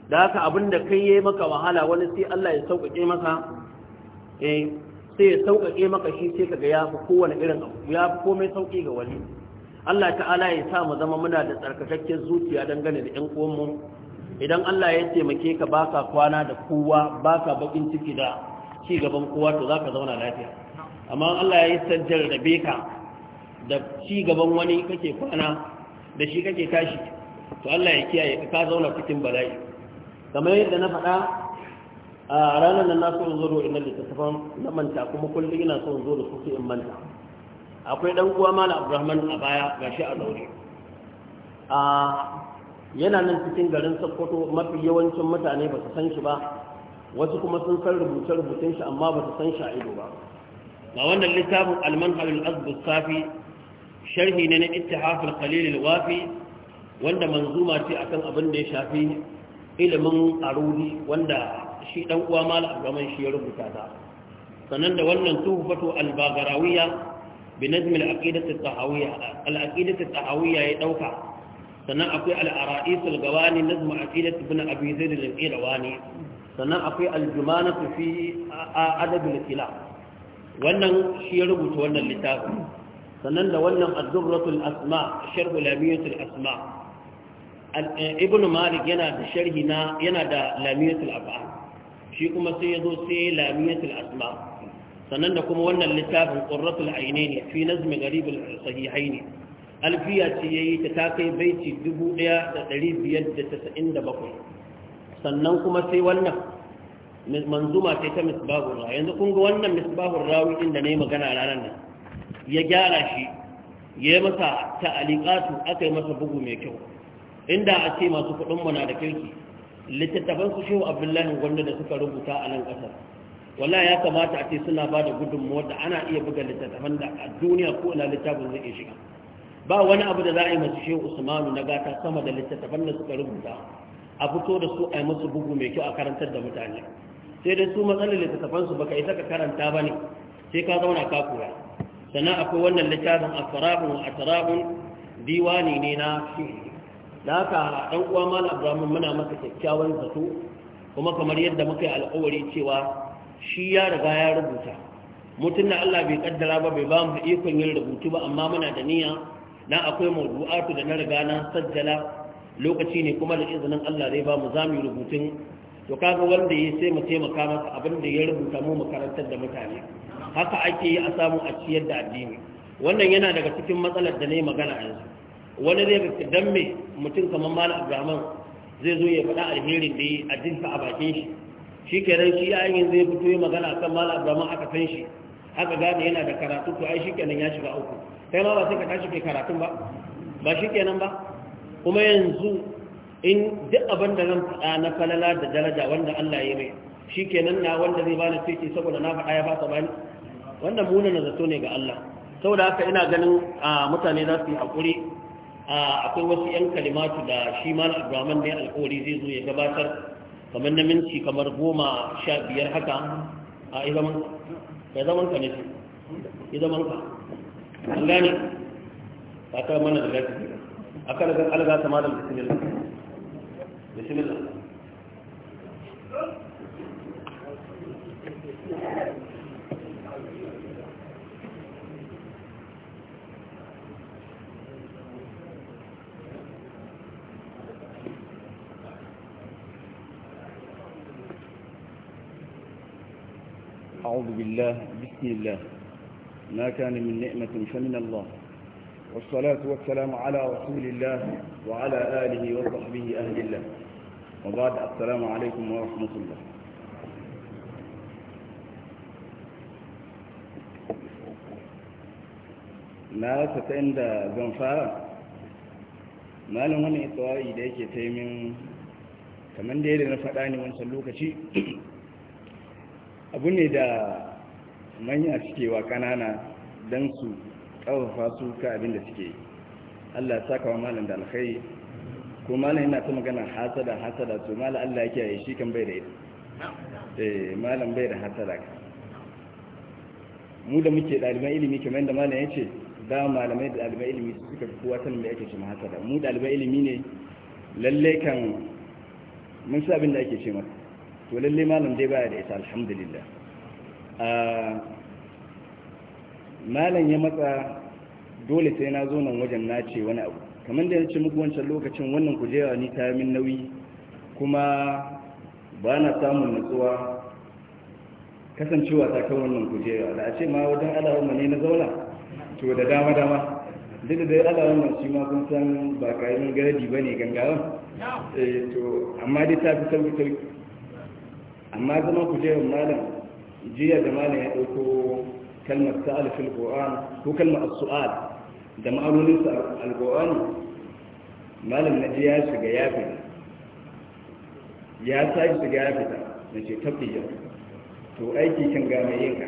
da haka abin da kai yayi maka wahala wani sai Allah ya sauƙaƙe maka eh sai ya sauƙaƙe maka shi sai kaga ya fi kowane irin abu ya fi komai sauƙi ga wani Allah ta'ala ya sa mu zama muna da tsarkakakken zuciya dangane da ƴan uwanmu idan Allah ya taimake ka baka kwana da kowa baka bakin ciki da ci gaban kowa to za ka zauna lafiya amma Allah ya yi sajjar da beka da ci gaban wani kake kwana da shi kake tashi to Allah ya kiyaye ka zauna cikin bala'i kamar yadda na faɗa a ranar nan na so in zo da wannan littattafan na manta kuma kullum ina so in zo da su in manta akwai dan uwa malam Abdulrahman a baya gashi a daure a yana nan cikin garin Sokoto mafi yawancin mutane ba su san shi ba wasu kuma sun san rubuce-rubucen shi amma ba su san shi a ido ba ga wannan littafin almanhaj al safi sharhi ne na ittihaf al-qalil wafi wanda manzuma ce akan abin da ya shafi ilimin arudi wanda shi dan uwa mal abgaman shi ya rubuta ta sannan da wannan tuhfatu al-bagarawiya bi nazm ya ɗauka sannan akwai al-ara'is al-gawani nazm aqidah ibn abi zaid sannan akwai aljumana su fi a adabin kila wannan shi ya rubuta wannan littafin sannan da wannan azurratul asma sharhu lamiyatul asma ibn malik yana da sharhi na yana da lamiyatul af'al shi kuma sai ya zo sai lamiyatul asma sannan da kuma wannan littafin qurratul aynaini fi nazm gharib al sahihaini alfiya ce yayi ta kai baiti 1597 sannan kuma sai wannan manzuma sai ta misbahur rawi yanzu kun ga wannan misbahur rawi din da ne magana ranar nan ya gyara shi ya yi masa ta'aliqatu aka yi masa bugu mai kyau inda a ce masu kuɗin mu na da kirki littattafan su shehu abdullahi gwanda da suka rubuta a nan ƙasar wala ya kamata a ce suna ba da gudunmuwa da ana iya buga littattafan da a duniya ko ina littafin zai shiga ba wani abu da za a yi masu shehu usmanu na gata sama da littattafan da suka rubuta a fito da su a yi musu bugu mai kyau a karantar da mutane sai dai su matsalar littattafansu baka isa ka karanta ba ne sai ka zauna ka koya sannan akwai wannan littafin a farafin a tarafin diwani ne na shi da haka ɗan uwa mala abramin muna masa kyakkyawan zato kuma kamar yadda muka yi alkawari cewa shi ya riga ya rubuta mutum da Allah bai kaddara ba bai bamu mu ikon yin rubutu ba amma muna da niyya na akwai mawdu'atu da na riga na sajjala lokaci ne kuma da izinin Allah zai ba mu za mu rubutun to kaga wanda ya sai mu taimaka masa abin da ya rubuta mu makarantar da mutane haka ake yi a samu a ciyar da addini wannan yana daga cikin matsalar da ne magana yanzu wani zai ga dan me mutum kamar malam Abrahaman zai zo ya faɗa alherin da yi a jinsa a bakin shi shi shi yayin yanzu ya fito ya magana akan malam Abdulrahman aka san shi haka gane yana da karatu to ai shi kenan ya shiga uku kai ma ba sai ka tashi kai karatun ba ba shi kenan ba kuma yanzu in duk abin da zan faɗa na falala da daraja wanda Allah ya mai shi kenan na wanda zai bani fice saboda na faɗa ya ba ta bani wannan muna na zato ne ga Allah saboda haka ina ganin mutane za su yi haƙuri akwai wasu 'yan kalimatu da shi mal abdurrahman ne alƙawari zai zo ya gabatar kamar na minti kamar goma sha biyar haka a izaman ya zaman ne su zaman ka an gane ba ta mana da lafiya akan ga alga ta malam bismillah bismillah أعوذ بالله بسم الله ما كان من نعمة فمن الله والصلاة والسلام على رسول الله وعلى آله وصحبه أهل الله وبعد السلام عليكم ورحمة الله ما ستند زنفاء ما لم إطوائي ديك تيمين كمن دير نفعاني من سلوك شيء أبني دا من يشتي وكانانا دنسو ƙarfafa su ka abin da suke Allah ya saka wa malam da alkhairi ko malam yana ta magana hasada hasada to malam Allah yake yi shi kan bai da ita eh malam bai da hasada mu da muke ɗaliban ilimi kamar yadda malam ya ce da malamai da ɗaliban ilimi suka fi kowa sanin da yake shi hasada mu ɗaliban ilimi ne lalle kan mun sa abin da ake ce masa to lalle malam dai baya da ita alhamdulillah ah, malam ya matsa dole sai na zo nan wajen na ce wani abu kamar da ya ce muku wancan lokacin wannan kujera ni ta min nauyi kuma ba na samun nutsuwa kasancewa ta kan wannan kujera da a ce ma wajen alawar ne na zauna to da dama dama duk da dai alawar nan shi ma kun san ba kayan gadi ba ne gangawa eh, to amma dai ta fi sauki sauki amma zama kujerar malam jiya da malam ya ɗauko ko kalmar as-su'al da ma'anonin al-qur'an malam naji ya shiga ya fita ya sai shiga ya fita nace tabbiya to aiki kan ga mai yinka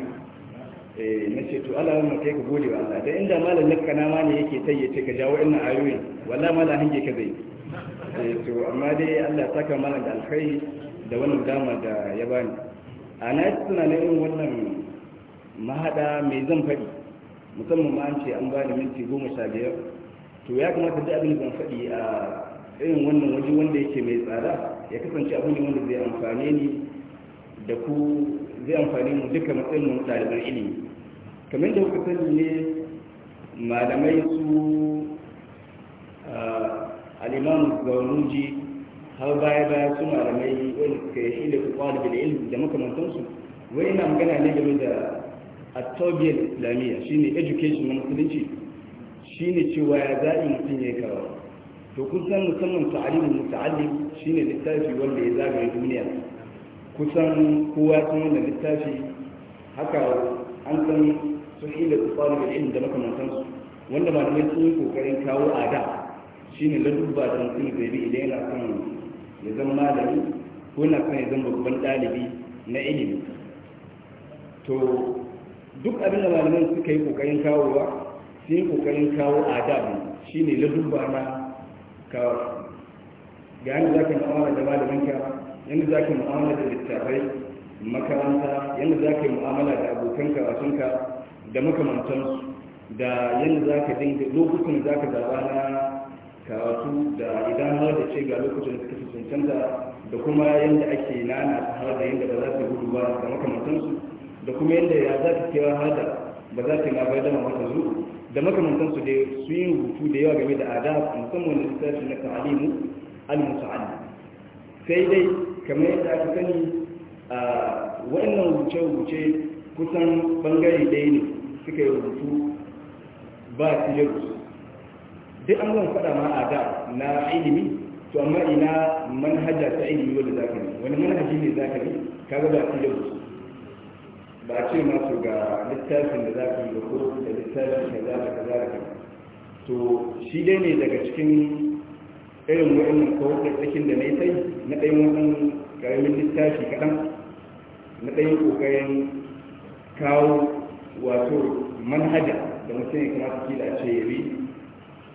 eh nace to Allah mun kai ka gode wa Allah da inda malam lakka na ma ne yake tayyace ka jawo ina ayoyi wallahi malam hange ka zai eh to amma dai Allah ya saka malam da alkhairi da wannan dama da ya bani a na tunanin wannan mahaɗa mai zan faɗi musamman ma an ce an bani minti goma sha biyar to ya kamata duk abin zan faɗi a irin wannan waje wanda yake mai tsada ya kasance abu ne wanda zai amfane ni da ku zai amfane mu duka matsayin mu ɗaliban ilimi kamar da kuka sani ne malamai su al'imam zaunuji har baya baya su malamai wani suka yi shi da kwalibin ilimi da makamantansu wani na magana ne game da a tobiyar islamiyya shine education na musulunci shine cewa ya zaɓi mutum ya kawo karawa to kusan musamman ta'alimin muta'allim shine littafi wanda ya zagaye duniya kusan kowa sun wanda littafi haka an san sun ila da ilimi da makamantansu wanda malamai sun yi kokarin kawo a da shine ladubba da mutum zai bi idan yana kan ya zama malami ko na kan ya zama babban ɗalibi na ilimi to duk abin da malaman suka yi kokarin kawowa su yi kokarin kawo adabu shine ba na kawo ga yadda za ka mu'amala da malaminka yadda za ka mu'amala da littafai makaranta yadda za ka mu'amala da abokan karatunka da makamantansu da yadda za ka dinga lokutan za ka zaba na karatu da idan har da ce ga lokutan da suka fi cancanta da kuma yadda ake nana har da yadda ba za su gudu ba da makamantansu da kuma yadda ya za ta kewa hada ba za ta labar da mata zu da makamantan su dai su yi rubutu da yawa game da adab musamman da littafi na ta'alimu al-musa'alli sai dai kamar yadda aka sani a wannan rubuce-rubuce kusan bangare ɗaya ne suka yi rubutu ba su yi rubutu duk an zan faɗa ma adab na ilimi to amma ina manhaja ta ilimi wanda za ka yi wani manhaji ne za ka yi kaga ba su yi rubutu. ba a ce masu ga littafin da za ka yi ko da littafin da za ka za ka to shi dai ne daga cikin irin wa'annan kawai da na yi sai na ɗaya wannan ƙaramin littafi kaɗan na ɗaya ƙoƙarin kawo wato manhaja da mutum ya kamata kila ce ya bi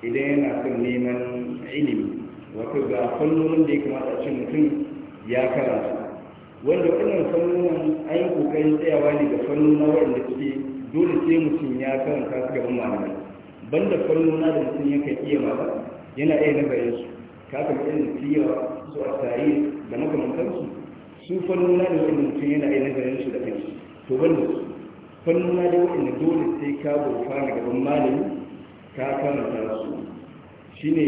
idan yana son neman ilimi wato ga fannonin da ya kamata a ce mutum ya karanta wanda wannan fannunan an yi kokarin tsayawa ne ga fannuna waɗanda suke dole sai mutum ya karanta su gaban malamai banda fannuna da mutum ya kai iya ba yana iya nazarin su kafin irin tiyawa su a tsari da makamantansu su fannuna da wanda mutum yana iya nazarin su da kansu to banda su fannuna da wanda dole sai ka burfa na gaban malami ka karanta su shine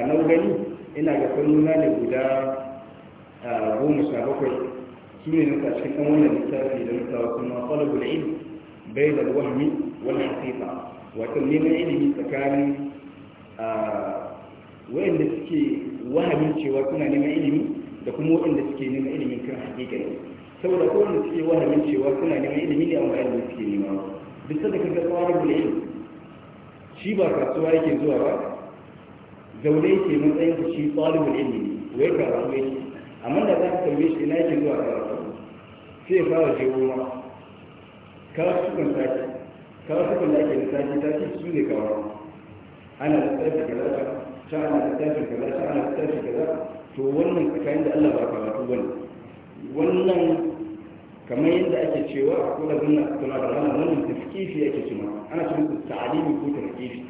a nan gani ina ga fannuna da guda ah, goma sha bakwai su ne nuka cikin wannan littafi da muka kuma talabul ilm Bai al-wahmi wal haqiqa wato neman ilimi tsakanin wayanda suke wahamin cewa suna neman ilimi da kuma wayanda suke neman ilimin kan haƙiƙa ne saboda ko wanda suke wahamin cewa suna neman ilimi ne amma ilimi suke nema duk sanda kaga talabul ilm shi ba kasuwa yake zuwa ba zaune yake matsayin shi talibul ilmi ne wai karatu yake amma da za ka tambaye shi ina yake zuwa karatu sai ba wa ke ruwa kawasukan taki kawasukan da ake da tafi taki su ne kawo ana da tafi gaza ta ana da tafi gaza ta ana da tafi gaza to wannan tsakanin da allah ba karatu wani wannan kamar yadda ake cewa a kula zanna suna da rana wannan tafkifi ake cima ana cewa ta'alimi ko kifi.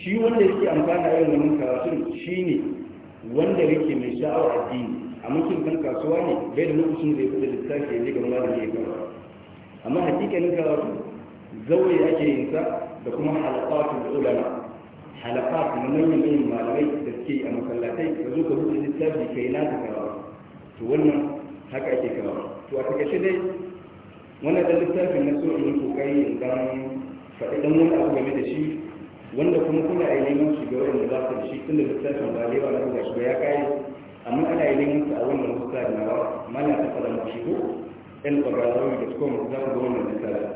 shi wanda yake amfana irin wannan shi shine wanda yake mai sha'awar addini a mulkin kan kasuwa ne bai da mutum zai kuɗa littafi ya je ga malami ya kama amma hakikanin karatu zaure ake yin sa da kuma da ulama halaqat na manyan manyan malamai da suke a masallatai ka zo ka buɗe littafi kai na ka karatu to wannan haka ake karatu to a takaice dai wannan da littafin na so in kokari in dan faɗi ɗan wani abu game da shi wanda kuma kuna a neman shiga wanda za su da shi da littafin ba na buga shi ba ya kayi amma ana yi neman su a wannan kusa da nawa mana ta fara mu ko ɗan ƙwararrawi da su kuma za ku ga wannan kusa da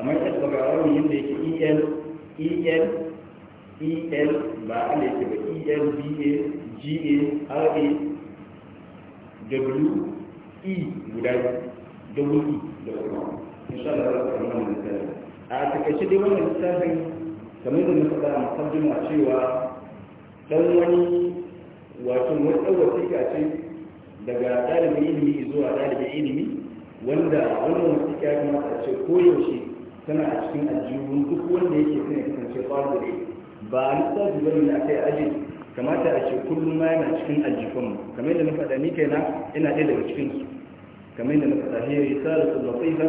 amma ɗan ƙwararrawi yadda yake el el el ba e a ne ke ba el ba ga ra w e guda w e da kuma insha Allah za ku ga wannan misali a takaice dai wannan kusa misalin kamar da na faɗa a cewa dan wani wato wata wasiƙa ce daga ɗalibin ilimi zuwa ɗalibin ilimi wanda wannan wasu ya kamata a ce koyaushe tana a cikin aljihun duk wanda yake son ya kasance ƙwaro ne ba a lissafi ba ne aka yi aji kamata a ce kullum ma yana cikin aljihun kamar yadda na faɗa ni kaina ina ɗaya daga cikin su kamar yadda na faɗa hiyar risalatu latifa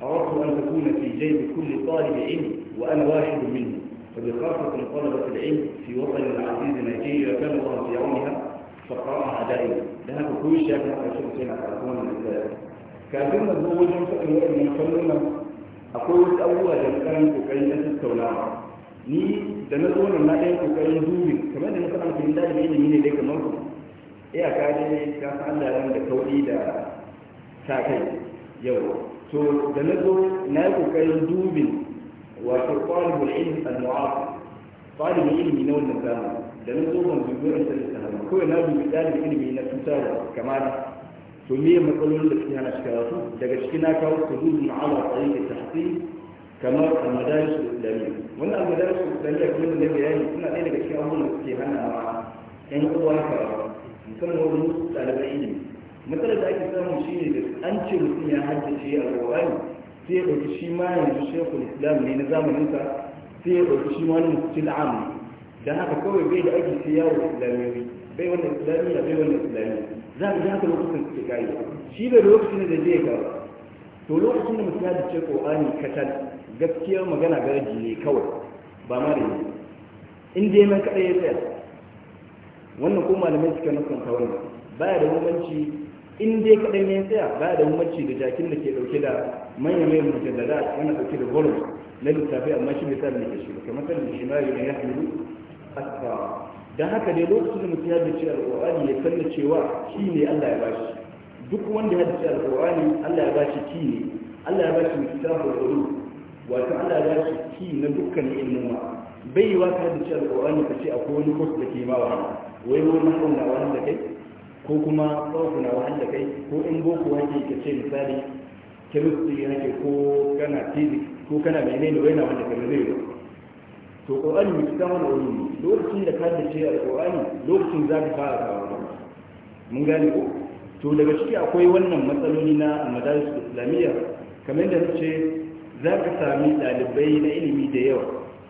a wasu an takuna fi jaybi kulli ɗalibin ilimi wa ana washidu minhu وبخاصة طلبة العلم في وطن العزيز نيجيريا كان وطن في يومها فقرأها دائما لها كل شيء كان رسول سينا كان دون الزوج فأنا أقول أقول أولا كان كوكاين أنت استولى ني دمتون ما كان كوكاين زوجي كما دمتون كان في الله بإذن مين إليك نظم إيه اكاديمي كان فعلا لهم دكوري دا ساكين يو سو دمتون ناكو كاين زوجي wato talibul ilmi al-mu'afi talibul ilmi na wannan zamani da na zo ban dubi wani sai ta hannu kawai na dubi dalibin ilimi na tutarwa kamar to me matsalolin da suke hana shi karatu daga cikin na kawo su zuzu na ala tsayin da tahsin kamar al su da islamiyya wannan al su da islamiyya kuma da bayani suna ɗaya daga cikin abubuwan da suke hana ma ƴan uwa karatu musamman wajen ɗaliban ilimi matsalar da ake samu shine da an ce mutum ya haddace a ƙwaƙwari sai ya ɗauki shi ma yanzu shekul islam ne na zamaninsa sai ya ɗauki shi ma wani mutum amu don haka kawai bai da ake sai yawo islamiyoyi bai wani islamiyya bai wani islamiyya za a ji haka lokacin suke kayi shi da lokacin da zai ga to lokacin da mutum ya dace ƙo'ani kacal gaskiyar magana garaji ne kawai ba ma da yi in dai man kaɗai ya tsaya wannan ko malamai suka nufin kawai baya da bambanci in dai kaɗan ya tsaya ba da umarci da jakin da ke ɗauke da manyan mai mujallada yana ɗauke da volume na littafi amma shi misali ne ke shi kamar kan shi ma yana ya hamilu asfa don haka dai lokacin da mutum ya dace alƙur'ani ya kalla cewa shi ne allah ya bashi duk wanda ya dace alƙur'ani allah ya bashi ki ne allah ya bashi misali da wato allah ya bashi ki na dukkan ilmuma bai yi wa ka dace alƙur'ani ka ce akwai wani kwas da ke ma wa wai wani haɗin na wani da kai ko kuma tsawo na wahal da kai ko in boko yake ka ce misali chemistry ke, ko kana physics ko kana menene wai na wanda kai zai to qur'ani mutum kan wani ne, lokacin da ka da ce qurani lokacin za ka fara kawo mun gane ko to daga ciki akwai wannan matsaloli na madaris islamiyya kamar da ce za ka sami dalibai na ilimi da yawa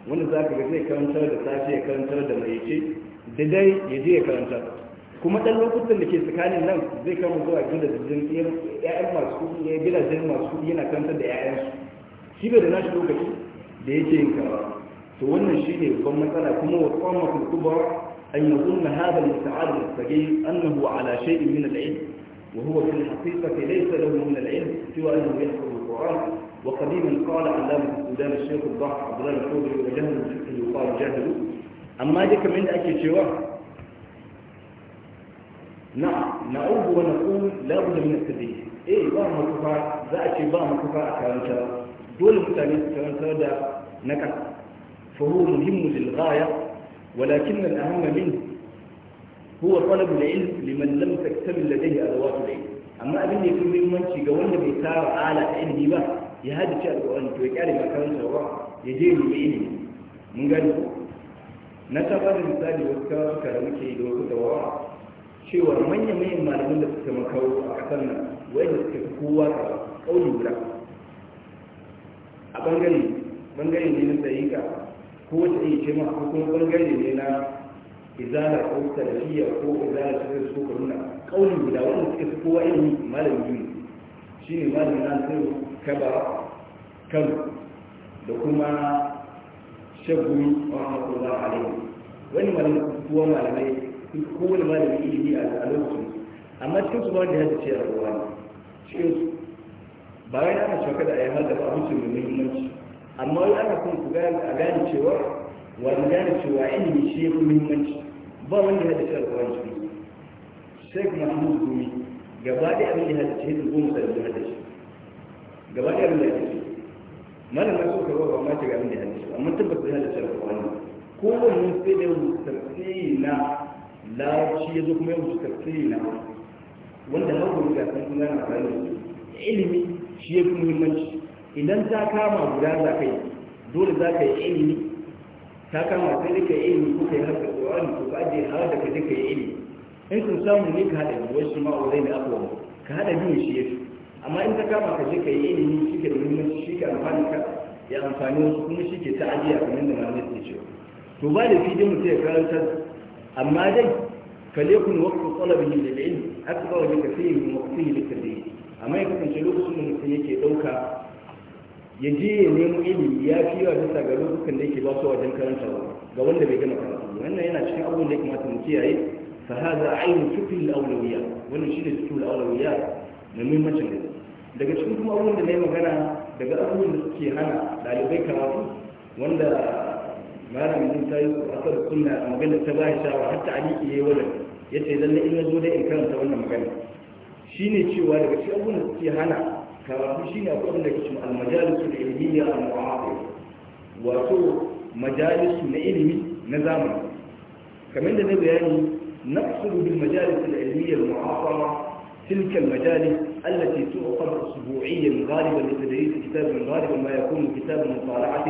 wanda za ka ga zai karantar da safe ya karantar da mai ce da dai ya je ya karantar kuma dan lokutan da ke tsakanin nan zai kama zuwa gida da gidajen ya'yan masu kudi ya gida gidajen masu kudi yana kantar da ya'yan su shi bai da nashi lokaci da yake yin kawa to wannan shi ne babban matsala kuma wa kwamma kulkuba an yi zunna hada da musta'ad mustaqim annahu ala shay'in min al-ilm wa huwa fi al-haqiqati laysa lahu min al-ilm siwa annahu yahfظ القرآن وقديما قال علامة السودان الشيخ الضحى عبد الله الحوضي qala يقال amma أما kamar من ake cewa نعم نعود ونقول لا بد من التدريب ايه بقى مكفى ذاك بقى مكفى كانت دول متاني كانت دا نكس فهو مهم للغاية ولكن الأهم منه هو طلب العلم لمن لم تكتمل لديه أدوات العلم أما أبني في مهمنشي قولنا بيتار على علمي بقى يا هذا الشيء القرآن توكالي مكانسا يجيب بعلمي من قال نتقل المثال والكرة كرمك إذا كنت وراء cewa manyan manyan malamin da suka makaro a kasar nan wanda suka fi kowa ka kauli guda a bangare bangare ne na tsayika ko wata iya ce ma ko kuma bangare ne na izala ko tarafiya ko izala ta suka nuna kauli guda wanda suka fi kowa ilimi malamin juni shi ne malamin na sai kaba kan da kuma shagumi wa rahmatullahi alaihi wani malamin kowa malamai kowane malami ilimi a lokacin amma cikin su ba da hada ce a ruwa ne cikin su ba wai ana cewa da a yi abincin mai muhimmanci amma wani ana kuma ku gane cewa wani gane cewa ilimi shi ya fi muhimmanci ba wanda hada ce a ruwa ne sai kuma su gumi gaba da abin ya hada ce hada goma sai da hada ce gaba da abin da hada ce malamin sun karɓar ba ma ce ga abin ya hada ce amma tabbata hada ce a ruwa ne kowanne sai da rubuta sai na larabci ya zo kuma ya wuce tafsiri na wanda har ga sun kuma na ilimi shi ya fi muhimmanci idan ta kama guda za ka yi dole za ka yi ilimi ta kama sai ka yi ilimi ko ka yi harkar tsoron ko ka jiya har da ka je ka yi ilimi in sun samu ne ka haɗa biyu wasu ma'aurai na abuwa ka haɗa biyu shi ya fi amma in ta kama ka je ka yi ilimi shi ke da muhimmanci shi ke amfani ka ya amfani wasu kuma shi ke ta ajiya kamar da malamai ke cewa to ba da fidin mutum ya karantar amma dai kalekun wasu tsalabin yin da ilmi a su kawai ka sai yin wasu yin da yi amma ya kasance lokacin da mutum yake ɗauka ya je ya nemo ilimi ya fi yawa bisa ga lokacin da yake ba su wajen karanta ba ga wanda bai gama karatu wannan yana cikin abubuwan da ya kamata mu kiyaye fa hadha ainu tukul alawiya wannan shine tukul alawiya na muhimmancin da daga cikin kuma abubuwan da nayi magana daga abubuwan da suke hana dalibai karatu wanda malam mun ta yi asar sunna a magana ta ba shawara hatta aliki yayi wannan yace lalle in na zo da in karanta wannan magana shine cewa daga cikin abun da suke hana karatu shine akwai abin da ke cikin almajalisul ilmiyya al-mu'arid wato majalisu na ilimi na zamani kamar da na bayani na naqsulu bil majalisul ilmiyya al-mu'asara تلك المجالس التي تؤخذ أسبوعيا غالبا لتدريس كتاب غالبا ما يكون كتاب مطالعة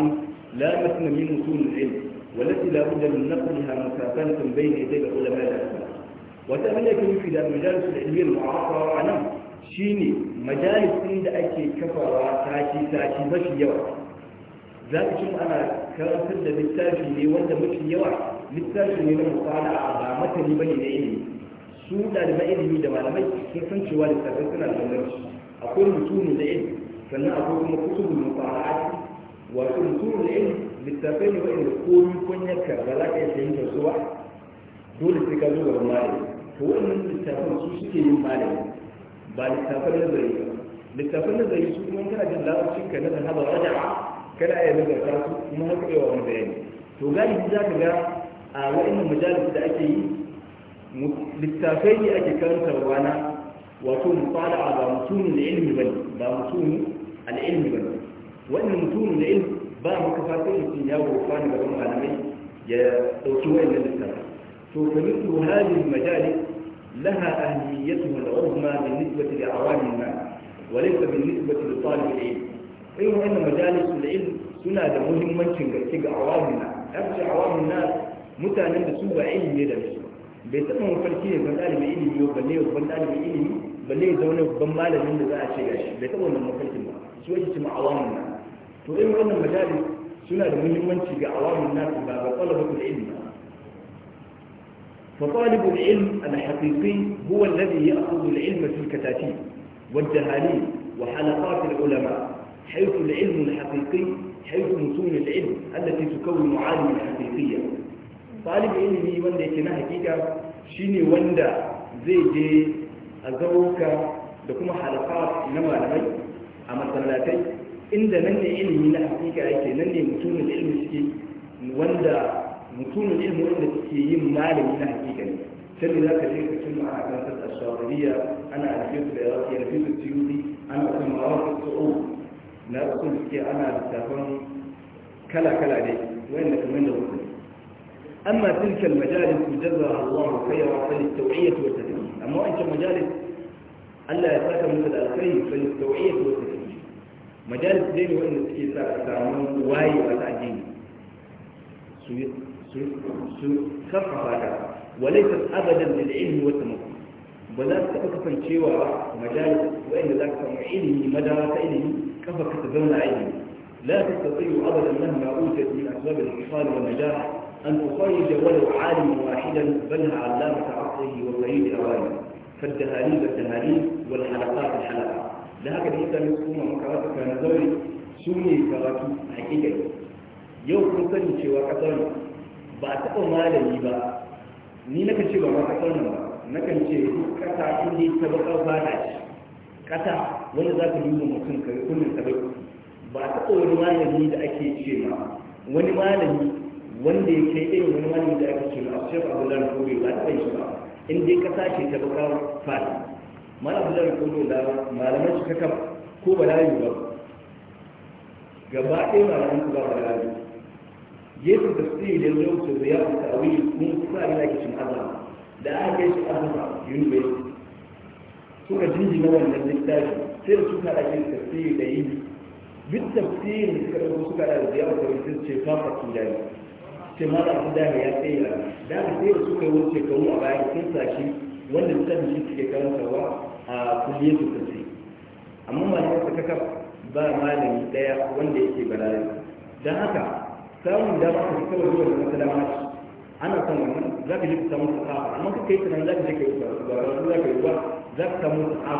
لا مثل من وصول العلم والتي لا بد من نقلها مسافة بين يدي العلماء الأسماء وتأمل يكون في المجالس العلمية المعاصرة عنه شيني مجالس عند أكي كفر تاكي تاكي مشي يوع ذلك شو أنا كرسل للتاجي لي وانت مشي يوع للتاجي لي لمطالعة عامة لبني العلم su ɗalibai ilimi da malamai sun san cewa littattafai suna da bambanci akwai mutumin da ilimi sannan akwai kuma kutubul mufara'ati wato mutum da yin littafai ne wa'in komi kunyarka ba za ka yi sayin da zuwa dole sai ka zo ga malami to wannan littafan su suke yin malami ba littafan nazari ba littafan nazari su kuma kana jin larabcin ka na zahaba raja'a kana iya nazarta su kuma haka yawa wani bayani to galibi za ka ga a wa'in majalis da ake yi littafai ne ake karantarwa na wato mutala ba mutumin da ilimi ba ba mutumin al'ilmi ba ne wannan mutumin da ilmi ba mu kafa sai mutum ya wofa ne gaban malamai ya dauki wayannan littafi to kamar su halin majali laha ahliyatu wal uzma bin nisbati li awami ma walaysa bin nisbati li talib al ilm irin wannan majalis da ilmi suna da muhimmancin gaske ga awamin na yafi awamin na mutanen da su ba ilimi da su bai taɓa mafarki ne ban ɗalibin ilimi ba balle ban ɗalibin ilimi balle ya zaune ban malamin da za a ce gashi bai taɓa wannan mafarkin ba su wajen cima awamin na to irin wannan majalis suna da muhimmanci ga awamin nasu ba ga talabatul ilmi ba فطالب العلم الحقيقي هو الذي يأخذ العلم في الكتاتيب والدهاليل وحلقات العلماء حيث العلم الحقيقي حيث متون العلم التي تكون معالم الحقيقية طالب علمي wanda yake na hakika shine wanda zai je a da kuma halaka na malamai a masallatai inda nan ne ilimi na hakika yake nan ne mutumin ilimi suke wanda mutumin ilimi wanda suke yin malami na hakika ne sai da ka je ka cin ma a kan sassa shawariya ana alfiyu da yawa alfisu tiyuri ana kan mawa su'u na ku suke ana littafan kala-kala ne wanda kamar da wasu amma tilka majalis mujarra Allah khayra fil tawiyya wa tadbir amma wancan majalis Allah ya saka muku da alkhairi fil tawiyya wa tadbir majalis dai ne wanda suke sa a samu wayewa a addini su karfafa ta walaita abadan da ilimi wata mutu ba za ka taɓa cewa ba majalis wa'inda za ka samu ilimi madara ta ilimi kafa ka ta zauna a ilimi لا تستطيع أبدا مهما أوتت من أسباب الانتصار والنجاح أن تصيد ولو عالما واحدا بل علامة عصره وقيد أوانه فالتهاليب التهاليب والحلقات الحلقات da haka da mutane su kuma makarata ta na zaure su ne karatu a hakikar yau kun sani cewa kasar ba a taɓa malami ba ni na kan ce ba ma kasar nan ba na kan ce kasa inda ta bakar da shi kasa wanda za ka yi wa mutum ka kullum ta bai ba a taɓa wani malami da ake ce ma wani malami wanda ya kai irin wani malami da ake ce ma a shekaru da na kore ba ta bai shi ba in dai kasa ce ta bakar fata mana bulan kodo da malaman su kaka ko ba layu ba gaba ɗaya malaman su ba ba layu yesu da su yi da zuwa su zuya su ta wuri kun sa ina kishin azama da aka kai shi azama university suka jinjina wannan littafi sai da suka da kin tafsiri da yi duk tafsirin suka ɗauko suka da zuya su ta wuri ce fafa kudani sai ma da abin da ya tsaya da aka sai da suka yi wuce kawo a bayan sun sa shi wanda littafin shi suke karantarwa a kulle su kasi amma malamin su kaka ba malami daya wanda yake balare don haka samun dama ka kawo zuwa da masalamaci ana son wannan za ka je ka samu ka amma ka kai tunan za ka je ka yi ba ba za ka yi ba za ka samu ka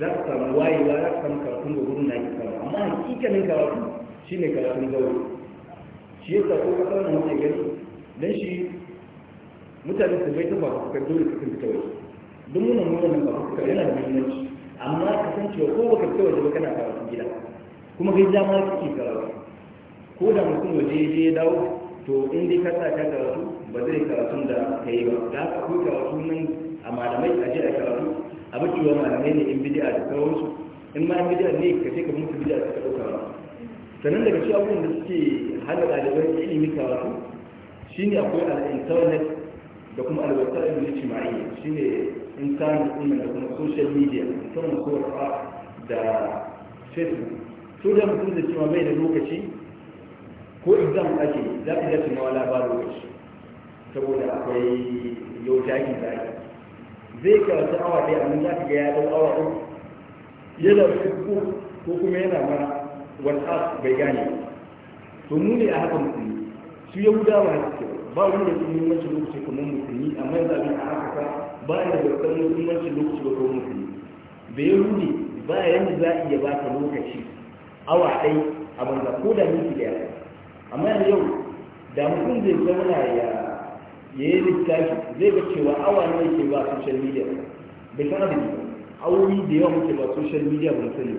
za ka samu wayewa za ka samu karatun da wurin na yi kama amma hakikanin karatu shine karatun zaure shi ya ko ka samu wani gani dan shi mutane su bai tafa ka kan dole ka kan fita duk muna nuna nan ba yana da muhimmanci amma ka san cewa ko baka fita waje ba kana karatun gida kuma kai dama kake karatu ko da mutum waje ya je ya dawo to in dai ka sa ka karatu ba zai karatun da ka yi ba da ka koyi karatu nan a malamai a je a karatu a bacewa malamai ne in bidi'a da sauransu in ma in bidi'a ne ka ce ka mutu bidi'a ka ɗauka ba sannan daga cikin abubuwan da suke hana ɗaliban ilimi karatu shine akwai al da kuma al-wasa'il shi shine intanet ɗin da kuma social media musamman ko da facebook to da mutum da cewa mai da lokaci ko exam ake za ka ga cewa wala ba lokaci saboda akwai yau taki da ake zai karanta awa ɗaya amma za ka ga ya ɗau awa ɗin yana facebook ko kuma yana ma whatsapp bai gane to mu ne a haka mutum su yahudawa ba suke ba wanda su muhimmancin lokaci kamar musulmi amma yanzu abin a haka ba ya da kan muhimmancin lokaci ga kuma musulmi ya rudi ba yanda za a iya baka lokaci awa ɗai a banza ko da minti ɗaya amma yau da mutum zai zauna ya ya yi littafi zai ga cewa awa ne yake ba social media da kan abin ba da yawa muke ba social media ba sani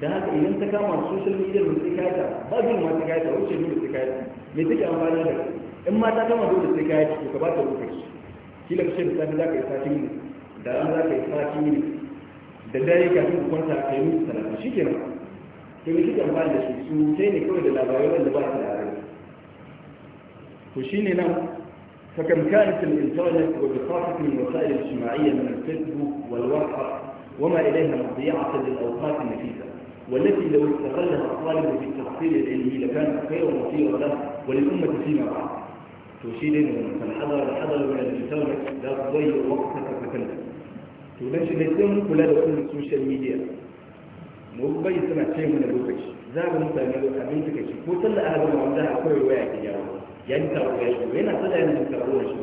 da haka idan ta kama social media ba sai kayata ba zai ma sai kayata wuce dole sai kayata me take amfani da in ma ta kama dole sai kayata to ka ba ta lokaci kila ka safi za ka yi sati da rana za ka yi sati da dare ka kwanta ka yi musu shi ke nan to ne kika da shi su sai ne kawai da labarai wanda ba su da rai to shi ne nan فكم كانت الانترنت وبخاصة الوسائل الاجتماعية من الفيسبوك والواتساب وما إليها مضيعة للأوقات النفيسة والتي لو استغلها الطالب في التحصيل العلمي لكانت خير ومصير له وللأمة فيما بعد to shi ne kan hadar da hadar da yanzu ta wani za su zai yi wakasa ta kakan da to na shirin sun kula da kun social media mu bai suna ce lokaci za mu mutane da abin suka ce ko sallar ahadu ma wanda akwai ruwa ya ke yawo ya shigo yana sada yana da karuwa shi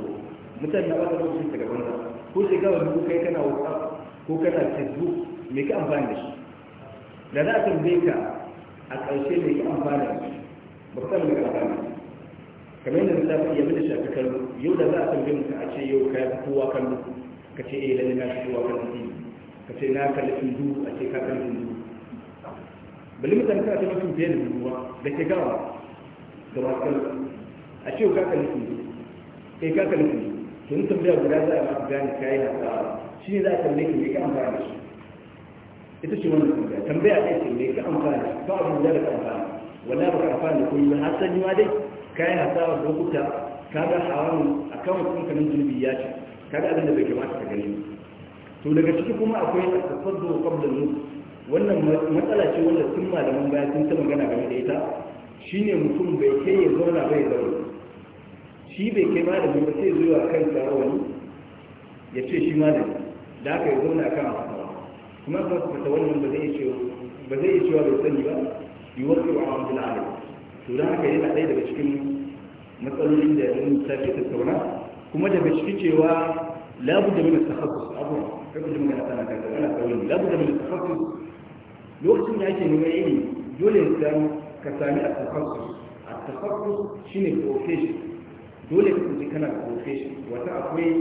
mutane na wata lokacin daga banza ko shekawar duk kai kana whatsapp ko kana facebook me ka amfani da shi da za a tambaye a ƙarshe me ka amfani da shi ba ka san me ka kamar yadda misali ya da shafi kan yau da za a tambaye mutum a ce yau ka fi kowa duk ka ce eh lalle na fi kowa kan duk ka ce na kalli tundu a ce ka kalli tundu bali mutane ka ce mutum fiye da duk da ke gawa ga masu kallo a ce ka kalli tundu eh ka kalli tundu to ni tambaya guda za a masu gane kayi na tsara shi ne za a tambaye ka me ka amfana da shi ita ce wannan tambaya tambaya ɗaya ce me ka amfana da shi ba abin da ka amfana wannan ba ka amfana da kuma hasali ma dai kayan hasarar lokuta ka ga haramun a kan wasu kanin zunubi ya ce ka ga abin da bai kamata ka gani to daga ciki kuma akwai a tasaddo kwabda nu wannan matsala ce wanda sun malaman baya sun ta magana game da ita shine mutum bai kai ya zauna bai zauna shi bai kai mai ba sai zuwa kan wani ya ce shi ma da aka yi zauna kan hasawa kuma ba su fata wannan ba zai iya cewa bai sani ba yiwuwar cewa a wani to haka yana ɗaya daga cikin matsalolin da ta tafi tattauna kuma daga cikin cewa labu da mina tafakkus abu kai ji magana tana kan ana kawai labu da mina tafakkus lokacin da ake nuna yini dole ya san ka sami a tafakkus a shi ne profession dole ka kuji kana profession wata akwai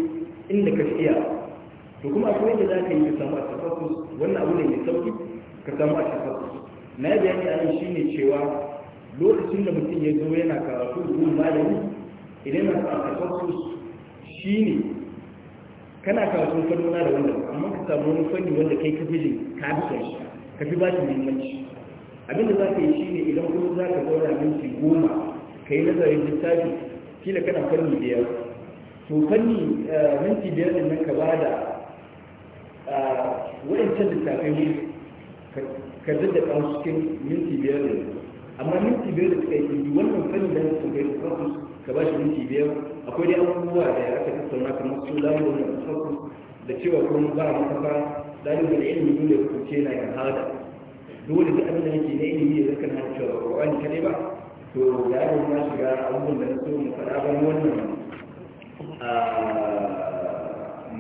inda ka iya to kuma akwai da za ka yi ka samu a tafakkus wannan abu ne mai sauki ka samu a tafakkus na ya bayani a nan ne cewa lokacin da mutum ya zo yana karatu gun malami idan na samu tafasus shi ne kana karatu fannuna da wanda amma ka samu wani fanni wanda kai ka fi ka fi shi ka fi ba shi muhimmanci abinda za ka yi shi ne idan kuma za ka zauna minti goma ka yi nazarin littafi kila kana fanni biyar to fanni eh, minti biyar din nan ka ba da eh, waɗancan littafai ka daddaka cikin minti biyar din amma minti biyar da suka yi wannan fannin da su kai da focus ka ba shi minti biyar akwai dai abubuwa da aka tattauna kamar su lambar da focus da cewa kuma ba a makafa dalibin da ilimi dole ya kuce na yin hada dole da abin da yake na ilimi ya zaka na cewa ƙwa'ani kaɗai ba to da yaro na shiga abubuwan da na so mu faɗa ban wannan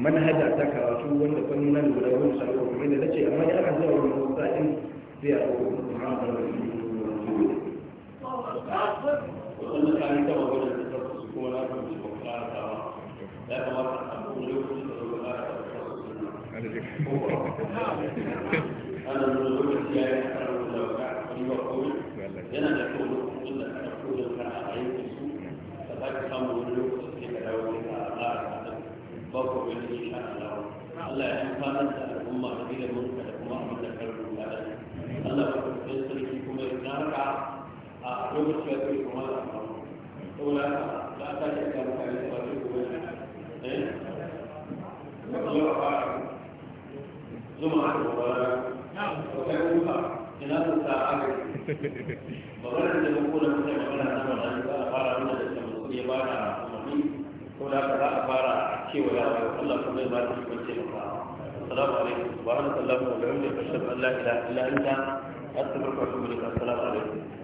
manhaja ta karatu wanda fannin nan guda goma sha uku kamar da na ce amma da aka zuwa wani sa'in sai a ɗauko su ma a dubu da kayan ta su ta ya kamata a samu lokaci da ta maganar da muku da ya ba a